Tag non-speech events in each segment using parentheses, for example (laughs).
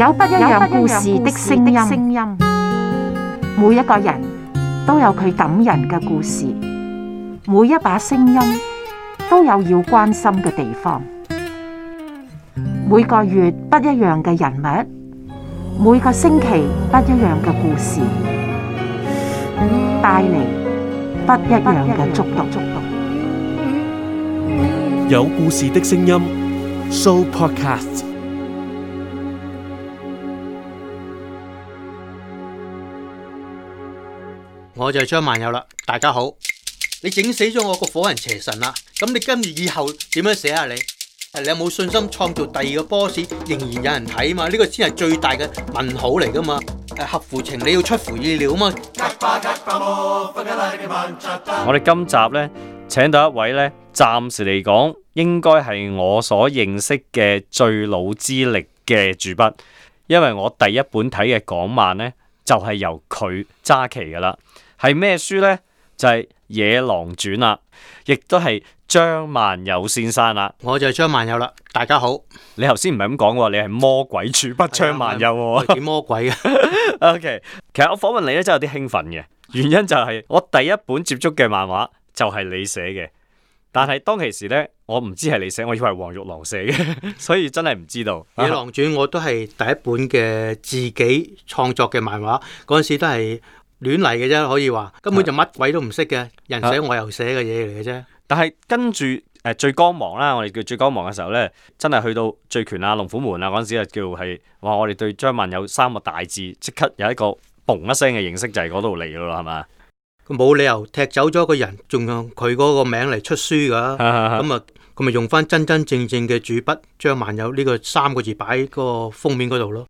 有不一樣故事的聲音，每一個人都有佢感人嘅故事，每一把聲音都有要關心嘅地方。每個月不一樣嘅人物，每個星期不一樣嘅故事，帶嚟不一樣嘅觸動。有故事的聲音 So Podcast。我就係張萬友啦，大家好。你整死咗我個火人邪神啦，咁你跟住以後點樣寫啊？你係你有冇信心創造第二個 boss？仍然有人睇啊嘛？呢、呢個先係最大嘅問號嚟噶嘛？合乎情，你要出乎意料嘛？我哋今集呢，請到一位呢，暫時嚟講應該係我所認識嘅最老資歷嘅主筆，因為我第一本睇嘅港漫呢，就係、是、由佢揸旗噶啦。係咩書呢？就係、是《野狼傳》啦，亦都係張萬有先生啦。我就係張萬有啦。大家好，你頭先唔係咁講嘅，你係魔鬼處不張萬有？點魔鬼啊 (laughs) ？OK，其實我訪問你咧真係有啲興奮嘅，原因就係我第一本接觸嘅漫畫就係你寫嘅。但係當其時呢，我唔知係你寫，我以為係黃玉郎寫嘅，所以真係唔知道《 (laughs) 野狼傳》我都係第一本嘅自己創作嘅漫畫，嗰陣時都係。亂嚟嘅啫，可以話根本就乜鬼都唔識嘅人寫我又寫嘅嘢，嚟嘅啫。但係跟住誒、呃，最光芒啦，我哋叫最光芒嘅時候咧，真係去到醉拳啊、龍虎門啊嗰陣時啊，叫係哇！我哋對張萬有三個大字，即刻有一個嘣一聲嘅形式就係嗰度嚟噶啦，係嘛？冇理由踢走咗個人，仲用佢嗰個名嚟出書噶。咁啊，佢咪 (laughs) 用翻真真正正嘅主筆張萬有呢個三個字擺個封面嗰度咯。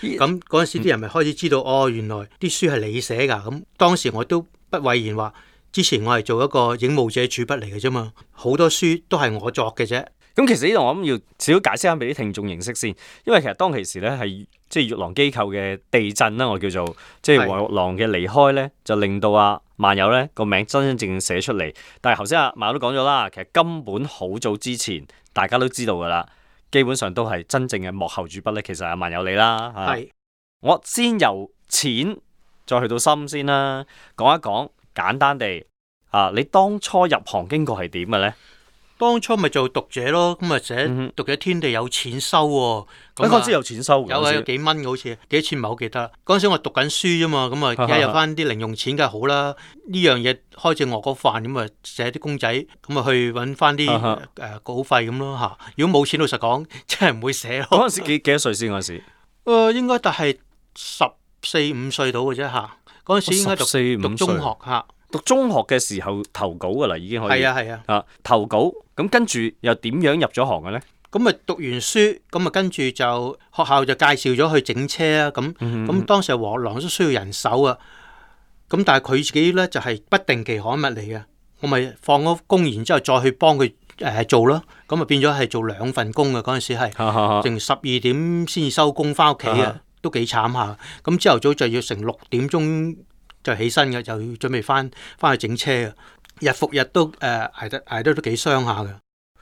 咁嗰陣時啲人咪開始知道哦，原來啲書係你寫㗎。咁、嗯、當時我都不諱言話，之前我係做一個影武者主筆嚟嘅啫嘛。好多書都係我作嘅啫。咁其實呢度我諗要少少解釋下俾啲聽眾認識先，因為其實當其時咧係即係玉郎機構嘅地震啦，我叫做即係黃玉郎嘅離開咧，就令到阿漫友咧個名真真正正寫出嚟。但係頭先阿漫友都講咗啦，其實根本好早之前大家都知道㗎啦。基本上都係真正嘅幕後主筆咧，其實係萬有你啦。係是我先由淺再去到深先啦，講一講簡單地啊，你當初入行經過係點嘅咧？當初咪做讀者咯，咁咪寫讀者天地有錢收喎。咁嗰陣時有錢收，隔音有啊，幾蚊好似，幾多錢唔係好記得。嗰陣時我讀緊書啫嘛，咁啊而家有翻啲零用錢梗係好啦。呢樣嘢開正外國飯咁啊，寫啲公仔咁啊去搵翻啲誒稿費咁咯吓。如果冇錢，老實講真係唔會寫咯。嗰陣時幾幾多歲先，嗰陣時？誒隔音、呃，應該但係十四五歲到嘅啫吓。嗰陣、啊、時應該讀、哦、讀中學吓。啊讀中學嘅時候投稿噶啦，已經可以。係啊係啊，啊投稿。咁跟住又點樣入咗行嘅咧？咁啊讀完書，咁啊跟住就學校就介紹咗去整車啊。咁咁、嗯、當時係臥龍都需要人手啊。咁但係佢自己咧就係、是、不定期刊物嚟嘅，我咪放咗工，然之後再去幫佢誒、呃、做咯。咁啊變咗係做兩份工嘅嗰陣時係，成十二點先收工翻屋企啊， (laughs) 都幾慘下。咁朝頭早就要成六點鐘。就起身嘅，就要準備翻翻去整車嘅，日復日都誒捱得捱得都幾傷下嘅。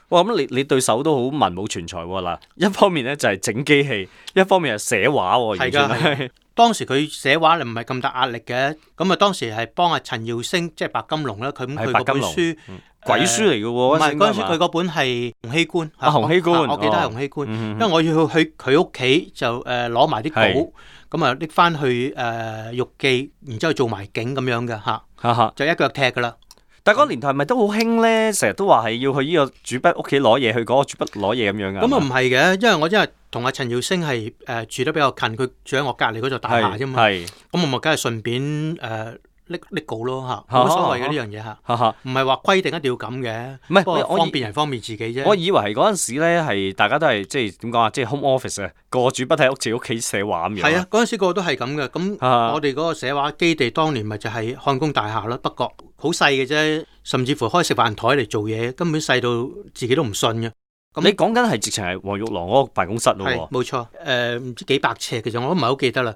哇！咁你你對手都好文武全才喎嗱，一方面咧就係整機器，一方面係寫畫喎。係噶，當時佢寫畫唔係咁大壓力嘅，咁啊當時係幫阿陳耀星，即係白金龍啦，佢咁佢本書鬼書嚟嘅喎。唔係嗰本佢嗰本係洪熙官嚇，洪熙官，我記得係洪熙官，因為我要去佢屋企就誒攞埋啲稿。咁啊，拎翻去誒、呃、玉記，然之後做埋景咁樣嘅嚇，啊、哈就一腳踢噶啦。但嗰年代係咪都好興咧？成日都話係要去呢個主筆屋企攞嘢，去嗰個主筆攞嘢咁樣啊？咁啊唔係嘅，因為我因為同阿陳耀星係誒、呃、住得比較近，佢住喺我隔離嗰座大廈啫嘛。咁我咪梗係順便誒。呃搦搦稿咯嚇，冇所謂嘅呢樣嘢嚇，唔係話規定一定要咁嘅。唔係不方便人方便自己啫。我以，我以為係嗰時咧，係大家都係即係點講啊？即係 home office 啊，個主筆喺屋自己屋企寫畫咁樣。係啊，嗰陣時個個都係咁嘅。咁我哋嗰個寫畫基地當年咪就喺漢宮大廈啦，北角，好細嘅啫。甚至乎開食飯台嚟做嘢，根本細到自己都唔信嘅。咁你講緊係直情係黃玉郎嗰個辦公室咯？冇錯，誒、呃、唔知幾百尺其實，我都唔係好記得啦。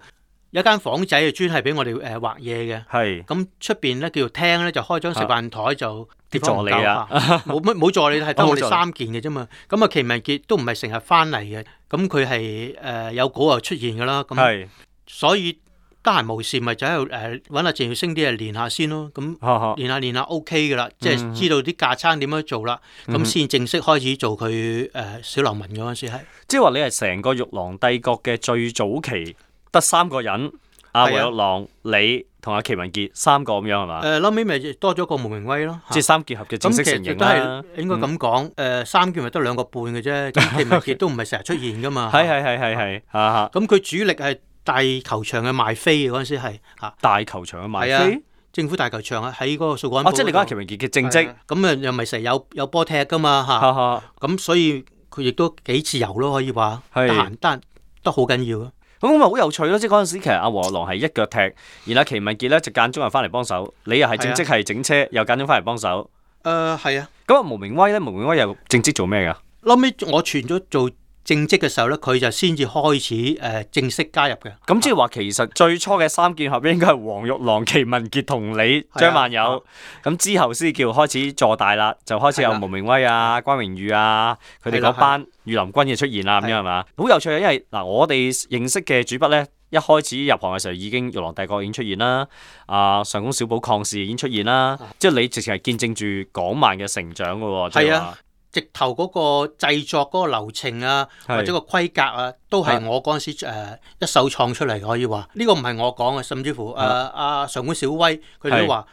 有間房仔專係俾我哋誒畫嘢嘅，係咁出邊咧叫做廳咧就開張食飯台就跌撞你啊，冇乜冇助理，係得我哋三件嘅啫嘛。咁啊，其文杰都唔係成日翻嚟嘅，咁佢係誒有稿又出現噶啦，咁所以得閒冇事咪就喺度誒搵阿鄭耀星啲嘢練下先咯。咁練下練下 OK 噶啦，即係知道啲架撐點樣做啦，咁先正式開始做佢誒小流氓嗰陣時係，即係話你係成個玉郎帝國嘅最早期。得三個人，阿黃玉郎、你同阿祁文傑三個咁樣係嘛？誒，後尾咪多咗一個莫明威咯。即三結合嘅正式成員啦，應該咁講。誒，三結合得兩個半嘅啫，祁文傑都唔係成日出現噶嘛。係係係係係，咁佢主力係大球場嘅賣飛嘅嗰陣時係吓，大球場嘅賣飛，政府大球場啊，喺嗰個數廣。即係你講祁文傑嘅正職，咁啊又唔係成日有有波踢噶嘛吓？咁所以佢亦都幾自由咯，可以話得閒得得好緊要咁咪好有趣咯！即係嗰陣時，其實阿和阿郎係一腳踢，然後奇文傑咧，就間中又翻嚟幫手。你又係正職係整車，是啊，又間中翻嚟幫手。誒、呃，係啊、嗯。咁啊，無名威咧，無名威又正職做咩噶？後屘我轉咗做。正職嘅時候咧，佢就先至開始，誒、呃、正式加入嘅。咁即係話，就是、其實最初嘅三劍俠應該係黃玉郎、奇文杰同你張萬有。咁的之後先叫開始坐大啦，就開始有毛明威啊、的關榮裕啊，佢哋嗰班御林軍嘅出現啦，咁樣係嘛？好有趣啊！因為嗱，我哋認識嘅主筆咧，一開始入行嘅時候已經玉郎帝國已經出現啦，阿、啊、上官小寶抗士已經出現啦，即係的的、就是、你直情係見證住港漫嘅成長噶喎。係啊。直頭嗰個製作嗰個流程啊，或者個規格啊，都係我嗰陣時誒是的、呃、一手創出嚟可以話呢、這個唔係我講嘅，甚至乎誒阿、呃啊、上官小威佢哋是的 都話，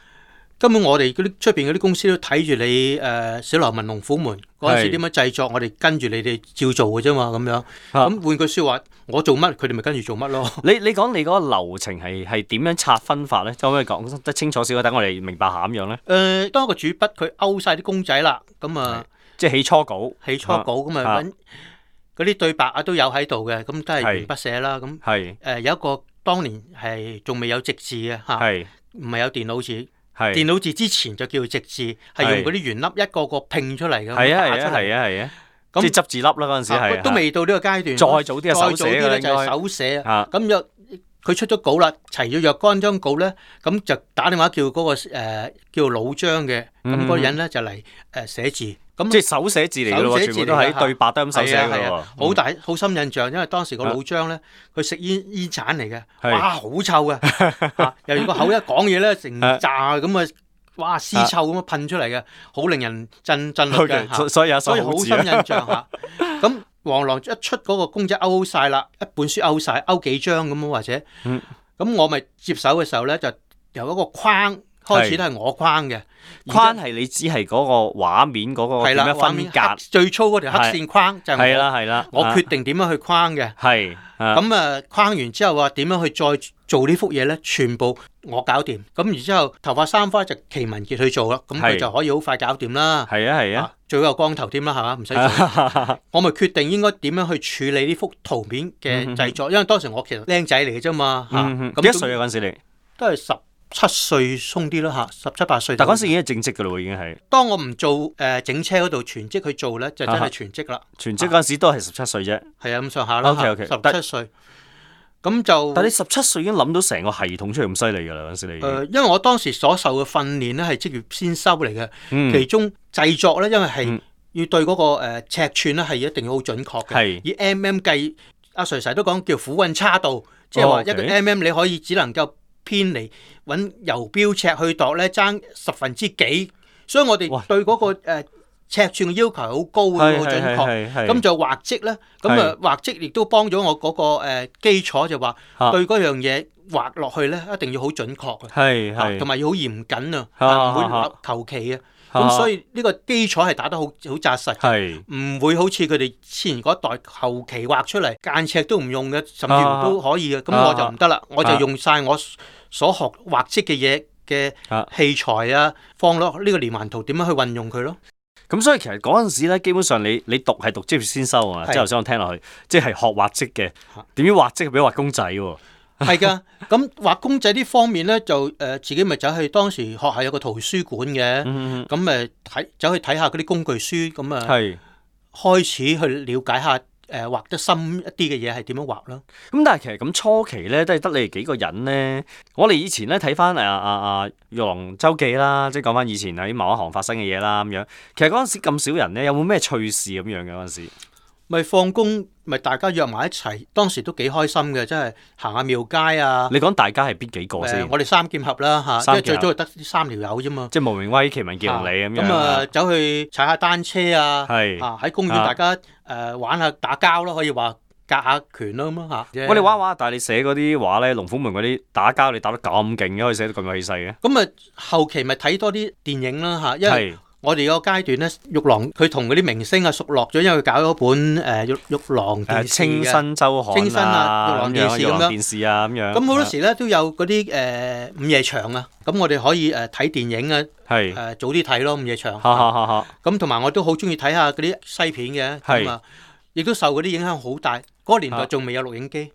根本我哋啲出邊嗰啲公司都睇住你誒、呃、小流氓龍虎門嗰陣時點樣製作，是的 我哋跟住你哋照做嘅啫嘛，咁樣咁換是的 句說話，我做乜佢哋咪跟住做乜咯？你你講你嗰個流程係係點樣拆分法咧？可唔可以講得清楚少少，等我哋明白下咁樣咧？誒、呃，當一個主筆佢勾晒啲公仔啦，咁啊～即係起初稿，起初稿咁啊，搵嗰啲對白啊都有喺度嘅，咁都係鉛筆寫啦。咁，誒有一個當年係仲未有直字嘅吓，唔係有電腦字，電腦字之前就叫直字，係用嗰啲圓粒一個個拼出嚟嘅。係啊係啊係啊係啊，咁即係執字粒啦嗰陣時係，都未到呢個階段。再早啲啊，再早啲咧就手寫啊。咁又佢出咗稿啦，齊咗若干張稿咧，咁就打電話叫嗰個誒叫老張嘅，咁嗰個人咧就嚟誒寫字。咁即係手寫字嚟咯，全部都喺對白都咁手寫嘅喎。好、 (noise) 嗯、大好深印象，因為當時個老張咧，佢食煙煙鏟嚟嘅，哇好臭嘅，由於個口一講嘢咧，成渣咁啊，哇屍臭咁啊噴出嚟嘅，好令人震震嘅、啊、所以所以好，好 (noise) 深印象嚇。咁黃狼一出嗰個公仔勾晒啦，一本書勾晒，勾幾張咁或者，咁、嗯、我咪接手嘅時候咧，就由一個框。開始都係我框嘅，框係你只係嗰個畫面嗰個點樣分格，最粗嗰條黑線框就係啦係啦，我決定點樣去框嘅，係咁啊，框完之後啊點樣去再做呢幅嘢咧，全部我搞掂，咁然之後頭髮三花就奇文傑去做啦，咁佢就可以好快搞掂啦。係啊係啊，最好有光頭添啦，係嘛，唔使。我咪決定應該點樣去處理呢幅圖片嘅製作，因為當時我其實靚仔嚟嘅啫嘛，咁幾歲啊嗰時你都係十。七歲鬆啲啦吓，十七八歲。但嗰時已經係正職噶啦，已經係。當我唔做誒整車嗰度全職去做咧，就真係全職啦。全職嗰陣時都係十七歲啫。係啊，咁上下啦。O K O K，十七歲。咁就但你十七歲已經諗到成個系統出嚟咁犀利噶啦，嗰時你。誒，因為我當時所受嘅訓練咧，係職業先修嚟嘅，其中製作咧，因為係要對嗰個誒尺寸咧，係一定要好準確嘅，以 M M 計。阿 Sir 成日都講叫苦運差度，即係話一個 M M 你可以只能夠。偏嚟揾游標尺去度咧，爭十分之幾。所以我哋對嗰個尺寸嘅要求好高嘅，好哇準確。咁就畫跡咧，咁、嗯、啊是畫跡亦都幫咗我嗰個基礎，就話對嗰樣嘢畫落去咧，一定要好準確嘅，同埋要好嚴謹啊，唔會畫求其啊。咁、啊、所以呢個基礎係打得好好紮實嘅，唔是會好似佢哋前嗰一代後期畫出嚟間尺都唔用嘅，甚至乎都可以嘅。咁、啊、我就唔得啦，啊、我就用晒我所學畫質嘅嘢嘅器材啊，啊，放落呢個連環圖點樣去運用佢咯。咁所以其實嗰陣時咧，基本上你你讀係讀職業先修啊，即係頭先我聽落去，即係學畫質嘅點樣畫質，比畫公仔喎。係噶，咁畫 (laughs) 公仔呢方面咧，就誒、呃、自己咪走去當時學校有個圖書館嘅，咁誒睇走去睇下嗰啲工具書，咁啊，開始去了解下誒、呃、畫得深一啲嘅嘢係點樣畫啦。咁、嗯、但係其實咁初期咧都係得你哋幾個人咧，我哋以前咧睇翻誒阿阿玉龍周記啦，即係講翻以前喺某一行發生嘅嘢啦咁樣。其實嗰陣時咁少人咧，有冇咩趣事咁樣嘅嗰陣時？咪放工。咪大家約埋一齊，當時都幾開心嘅，真係行下廟街啊。你講大家係邊幾個先，嗯？我哋三劍俠啦嚇，即係最早係得三條友啫嘛。即係無名威、奇文叫你。咁是樣。咁啊，走去踩下單車啊，喺是公園大家誒玩下打交咯，可以話隔下拳咯咁咯嚇。餵是樣你畫畫，但係你寫嗰啲畫咧，龍虎門嗰啲打交，你打得咁勁嘅，可以寫得咁有氣勢嘅？咁啊，後期咪睇多啲電影啦嚇，因為。我哋個階段咧，玉郎佢同嗰啲明星啊熟落咗，因為佢搞咗本誒玉玉郎電視《清新周刊》清新啊，《玉郎電視》咁樣。咁好多時咧都有嗰啲誒午夜場啊，咁我哋可以誒睇電影啊，誒早啲睇咯午夜場。咁同埋我都好中意睇下嗰啲西片嘅，咁啊，亦都受嗰啲影響好大。嗰個年代仲未有錄影機，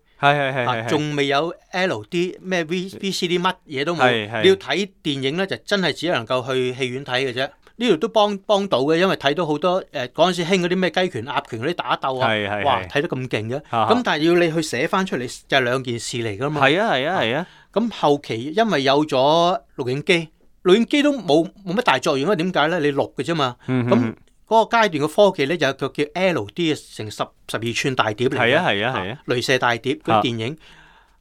仲未有 L D 咩 V B C D 乜嘢都冇。你要睇電影咧，就真係只能夠去戲院睇嘅啫。呢度都幫幫到嘅，因為睇到好多誒嗰陣時興嗰啲咩雞拳鴨拳嗰啲打鬥啊，哇睇得咁勁嘅，咁但係要你去寫翻出嚟就係兩件事嚟㗎嘛。係啊係啊係啊！咁後期因為有咗錄影機，錄影機都冇冇乜大作用，因為點解咧？你錄嘅啫嘛。咁嗰個階段嘅科技咧，就有個叫 LD 成十十二寸大碟嚟。係啊係啊係啊！雷射大碟嗰啲電影，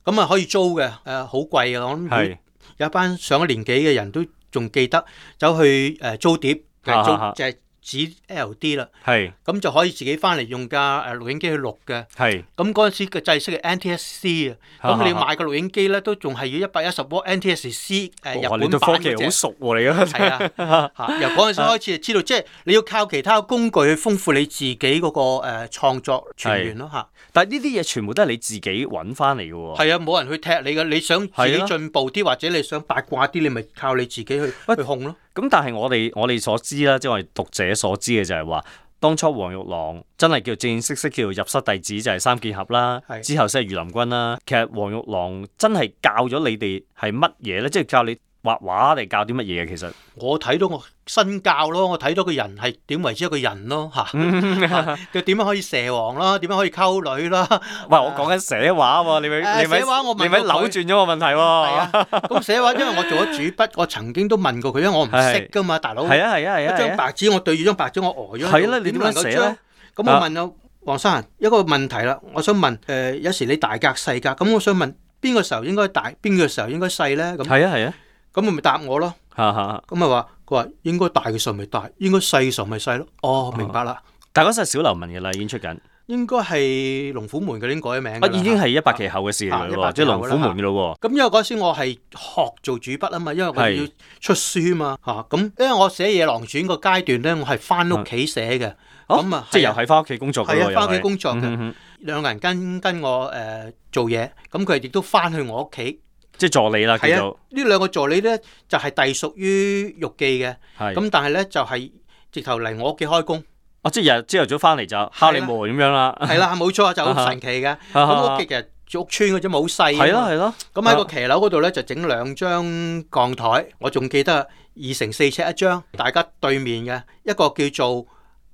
咁啊可以租嘅，誒好貴嘅，我諗有一班上咗年紀嘅人都。仲記得走去誒租碟， (noise) 租，即係。 (noise) 指 L.D. 啦，係咁就可以自己翻嚟用架誒錄影機去錄嘅，係咁嗰陣時嘅製式係 NTSC 啊，咁你買個錄影機咧都仲係要一百一十瓦 NTSC 誒日本版嘅。哇！你對科技好熟喎，你啊，係啊，由嗰陣時開始就知道，即係你要靠其他工具去豐富你自己嗰個誒創作泉源咯嚇。但係呢啲嘢全部都係你自己揾翻嚟嘅喎。係啊，冇人去踢你嘅，你想自己進步啲或者你想八卦啲，你咪靠你自己去去控咯。咁但係我哋我哋所知啦，即係我哋讀者所知嘅就係話，當初黃玉郎真係叫正正式式叫入室弟子就係三劍合啦，是之後先係俞林君啦。其實黃玉郎真係教咗你哋係乜嘢咧？即係教你。畫畫嚟，教啲乜嘢嘅？其實我睇到我身教咯，我睇到個人係點為之一個人咯吓。佢點樣可以蛇王啦？點樣可以溝女啦？喂，我講緊寫畫喎，你咪你咪你咪扭轉咗個問題喎。咁寫畫，因為我做咗主筆，我曾經都問過佢，因為我唔識噶嘛，大佬。係啊係啊係啊！一張白紙，我對住張白紙，我呆咗。係啊，你點樣寫咧？咁我問阿黃生一個問題啦，我想問誒，有時你大格細格，咁我想問邊個時候應該大，邊個時候應該細咧？咁係啊係啊。咁佢咪答我咯，咁咪話佢話應該大嘅上咪大，應該細上咪細咯。哦，明白啦、啊。但嗰時係小流民嘅啦，已經出緊。應該係龍虎門佢已經改名。啊，已經係一百期後嘅事嚟、啊、即係龍虎門嘅咯。咁、啊、因為嗰時我係學做主筆啊嘛，因為我要出書啊嘛。吓是，咁、啊、因為我寫《野狼傳》個階段咧，我係翻屋企寫嘅。咁啊，即係、啊、又係翻屋企工作嘅又係翻屋企工作嘅，兩、嗯、哼個人跟跟我誒、呃、做嘢，咁佢哋亦都翻去我屋企。即係助理啦，呢、啊、兩個助理呢，就係、是、隸屬於玉記嘅。咁、啊、但係呢，就係、是、直頭嚟我屋企開工。啊，即係日朝頭早翻嚟就敲你門咁樣啦。係啦、啊，冇、 (laughs) 啊、錯，就好神奇嘅。咁 (laughs) 屋企其實住屋村嘅啫，冇細、 (laughs) 啊。係咯係咯。咁喺個騎樓嗰度呢，就整兩張鋼台，我仲記得二乘四尺一張，大家對面嘅一個叫做誒、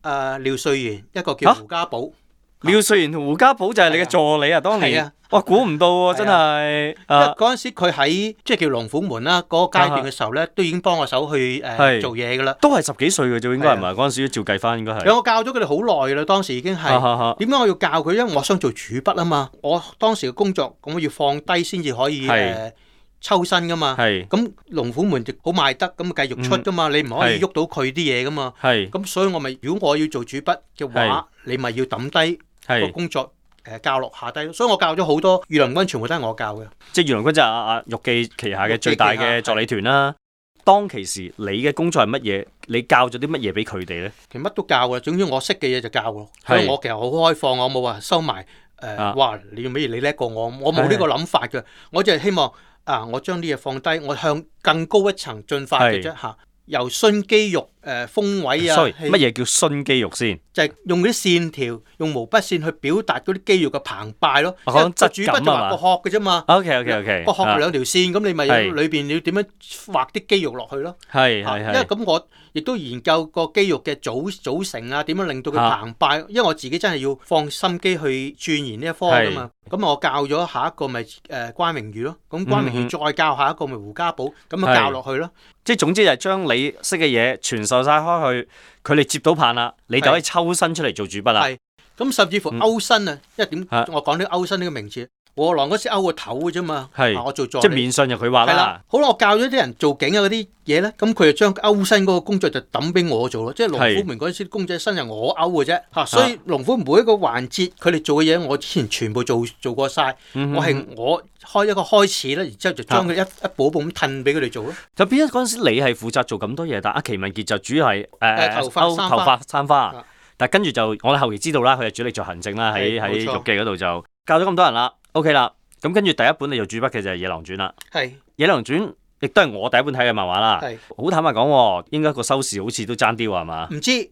呃、廖瑞賢，一個叫胡家寶。啊廖穗賢同胡家寶就係你嘅助理啊！當年哇，估唔到喎，真係，因為嗰陣時佢喺即係叫龍虎門啦，嗰個階段嘅時候咧，都已經幫我手去誒做嘢噶啦，都係十幾歲嘅啫，應該唔係嗰陣時，照計翻應該係。有我教咗佢哋好耐噶啦，當時已經係。點解我要教佢？因為我想做主筆啊嘛，我當時嘅工作咁我要放低先至可以誒抽身噶嘛。係咁龍虎門就好賣得，咁繼續出噶嘛，你唔可以喐到佢啲嘢噶嘛。係咁，所以我咪如果我要做主筆嘅話，你咪要抌低。係是工作誒、呃、教落下低，所以我教咗好多魚龍軍，全部都係我教嘅。即係魚龍軍就係阿阿玉記旗下嘅最大嘅助理團啦、啊。當其時你嘅工作係乜嘢？你教咗啲乜嘢俾佢哋咧？其實乜都教㗎，總之我識嘅嘢就教咯。因是我其實好開放，我冇話收埋誒，呃啊、哇！你要唔要你叻過我？我冇呢個諗法嘅。是我就係希望啊，我將啲嘢放低，我向更高一層進化嘅啫嚇。由身肌肉。誒風位啊，乜嘢叫伸肌肉先？就係用嗰啲線條，用毛筆線去表達嗰啲肌肉嘅澎湃咯。我講質感啊主筆畫個殼嘅啫嘛。OK OK OK 個殼兩條線，咁你咪裏邊你要點樣畫啲肌肉落去咯？係係因為咁，我亦都研究個肌肉嘅組組成啊，點樣令到佢澎湃？因為我自己真係要放心機去鑽研呢一科噶嘛。咁我教咗下一個咪誒關明宇咯。咁關明宇再教下一個咪胡家寶，咁啊教落去咯。即係總之就係將你識嘅嘢傳授。就曬開去，佢哋接到棒啦，你就可以抽身出嚟做主筆啦。係，咁甚至乎勾身啊，嗯、因為點，我講啲勾身呢個名詞。是 (noise) 我狼嗰時勾個頭嘅啫嘛，是我做做即係面相就佢畫啦。好啦，我教咗啲人做景啊嗰啲嘢咧，咁佢就將勾身嗰個工作就抌俾我做咯。即係龍虎門嗰陣時，公仔身就我勾嘅啫。嚇的，所以龍虎門每一個環節，佢哋做嘅嘢，我之前全部做做過晒。嗯、哼我係我開一個開始咧，然之後就將佢一一步一步咁褪俾佢哋做咯。的就變咗嗰陣時，你係負責做咁多嘢，但阿祁文傑就主要係誒勾頭髮、生花。但係跟住就我後期知道啦，佢係主力做行政啦，喺喺玉記嗰度就的錯教咗咁多人啦。O K 啦，咁跟住第一本你就主筆嘅就係《野狼傳》啦是。係《野狼傳》亦都係我第一本睇嘅漫畫啦。係好是坦白講，應該個收視好似都爭啲喎，係嘛？唔知係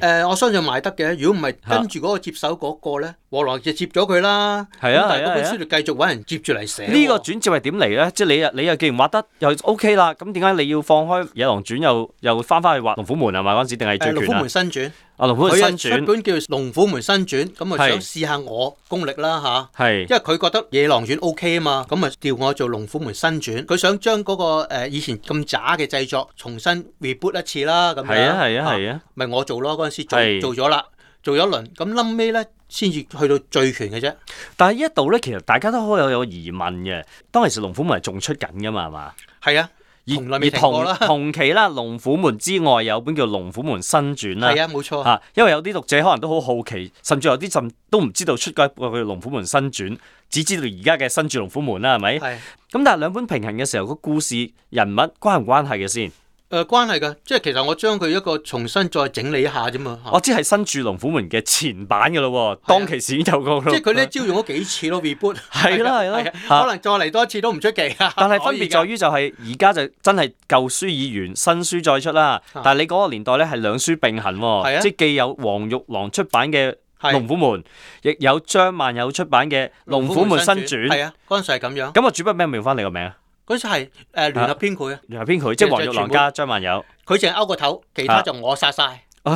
誒是、呃，我相信賣得嘅。如果唔係跟住嗰個接手嗰個咧，啊、和龍就接咗佢啦。係啊，但係嗰本書就繼續揾人接住嚟寫。呢、啊啊啊、個轉接係點嚟咧？即係你又你又既然畫得又 O K 啦，咁點解你要放開《野狼傳》又又翻翻去畫《龍虎門》係嘛嗰陣時？定係《龍虎門新傳》？啊、哦！龍虎門新轉，本叫《龍虎門新傳》，咁啊想試下我功力啦吓？嚇，因為佢覺得《野狼傳》OK 啊嘛，咁啊調我做《龍虎門新傳》，佢想將嗰是、OK、個以前咁渣嘅製作重新 reboot 一次啦，咁樣係啊係啊係啊，咪、啊啊啊、我做咯嗰陣時做是做咗啦，做咗一輪咁冧尾咧，先至去到聚拳嘅啫。但係呢一度咧，其實大家都可以有疑問嘅，當時龍虎門係仲出緊噶嘛係嘛？係啊。同同期啦，《龍虎門》之外有本叫《龍虎門新傳》啦，係啊，冇錯嚇。因為有啲讀者可能都好好奇，甚至有啲甚都唔知道出過一部《叫龍虎門新傳》，只知道而家嘅新著《龍虎門》啦，係咪？係。咁但係兩本平行嘅時候，個故事人物關唔關係嘅先？誒、呃，關係噶，即係其實我將佢一個重新再整理一下啫嘛。我知係新著《龍虎門》嘅前版噶咯，啊、當其時已經有個咯。即係佢呢招用咗幾次咯 reboot 係啦係啦，可能再嚟多一次都唔出奇啊。但係分別在於就係而家就真係舊書已完，新書再出啦。啊、但係你嗰個年代咧係兩書並行，啊、即係既有黃玉郎出版嘅《龍虎門》，亦、啊、有張萬友出版嘅《龍虎門新傳》。係啊，嗰陣時係咁樣。咁我主編咩？換翻你個名啊！佢就係誒聯合編劇啊，聯合編劇即係黃玉郎加張萬友，佢淨係勾個頭，其他就我殺曬，就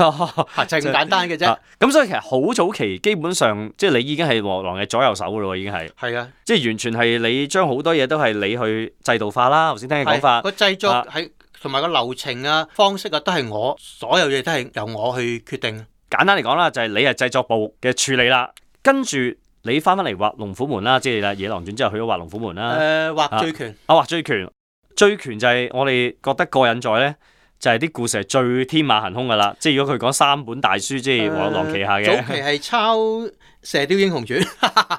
係咁簡單嘅啫。咁所以其實好早期，基本上即係你已經係黃玉郎嘅左右手㗎咯，已經係。係啊，即係完全係你將好多嘢都係你去制度化啦。頭先聽你講法，個製作係同埋個流程啊、方式啊，都係我所有嘢都係由我去決定。簡單嚟講啦，就係你係製作部嘅處理啦，跟住。你翻翻嚟畫龍虎門啦，即係啦，《野狼傳》之後去咗畫龍虎門啦。誒、呃，畫醉拳。阿畫醉拳，醉拳就係我哋覺得過癮在咧，就係、是、啲故事係最天馬行空噶啦。即係如果佢講三本大書，即係《黃玉郎旗下》嘅，呃。早期係抄《射鵰英雄傳》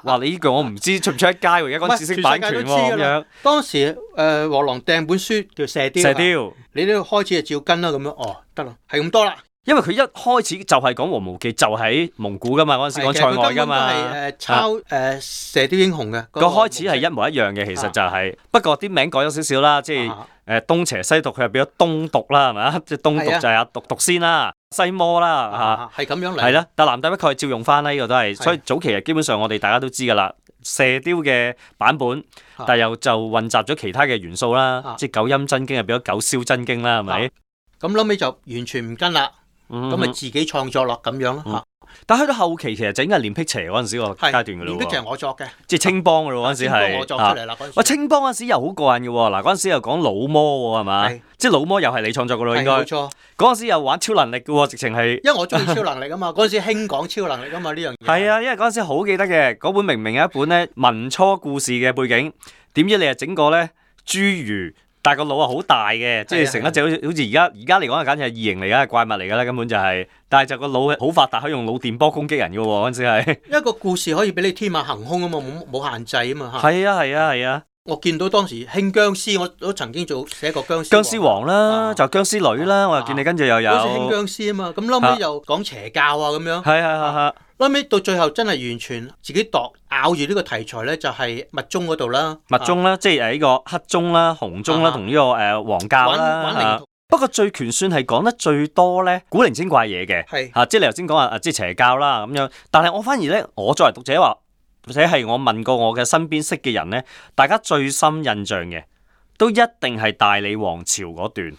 (laughs) 哇。話你呢句我唔知出唔出得街，而家講知識版權喎咁樣。當時誒，黃玉郎掟本書叫《射鵰》射鵰啊。射鵰。你都要開始係照跟啦，咁樣哦，得啦，係咁多啦。 (laughs) (laughs) 因為佢一開始就係講王無忌，就喺蒙古噶嘛，嗰陣時講塞外噶嘛。其實佢根本都係誒抄誒射雕英雄嘅。個開始係一模一樣嘅，其實就係，不過啲名改咗少少啦。即係誒東邪西毒，佢又變咗東毒啦，係咪啊？即係東毒就係阿毒毒仙啦，西魔啦，係咁樣嚟。係啦，但南帝北丐照用翻啦，呢個都係。所以早期啊，基本上我哋大家都知噶啦，射雕嘅版本，但又就混雜咗其他嘅元素啦，即係九陰真經又變咗九霄真經啦，係咪？咁後尾就完全唔跟啦。咁咪自己創作落咁樣咯嚇。但係去到後期其實整嘅連辟邪嗰陣時個階段㗎咯喎。連辟邪我作嘅，即係青幫㗎咯嗰陣時係。我作出嚟啦嗰時。哇，青幫嗰陣時又好過癮㗎喎。嗱，嗰陣時又講老魔喎係嘛？即係老魔又係你創作㗎咯應該。冇錯。嗰陣時又玩超能力㗎喎，直情係。因為我鍾意超能力啊嘛，嗰陣時興講超能力啊嘛呢樣嘢。係啊，因為嗰陣時好記得嘅，嗰本明明係一本咧民初故事嘅背景，點知你又整個咧侏儒。但係個腦啊好大嘅，即係成一隻好似好似而家而家嚟講啊，簡直係異形嚟，而家係怪物嚟㗎啦，根本就係，是。但係就個腦好發達，可以用腦電波攻擊人㗎喎，嗰陣時係。一個故事可以俾你天馬行空啊嘛，冇冇限制啊嘛嚇。係啊係啊係啊！啊啊我見到當時興僵屍，我都曾經做寫過僵屍殭屍王啦，啊、就僵屍女啦，啊、我見你跟住又有。好似興僵屍啊嘛，咁撈尾又講邪教啊咁樣。係係係。拉尾，到最後真係完全自己度咬住呢個題材咧，就係密宗嗰度啦，密宗啦，即係誒呢個黑宗啦、紅宗啦，同呢個誒黃教啦。不過最權算係講得最多咧，古靈精怪嘢嘅，吓，即係你頭先講話即係邪教啦咁樣。但係我反而咧，我作為讀者話，或者係我問過我嘅身邊識嘅人咧，大家最深印象嘅，都一定係大理王朝嗰段。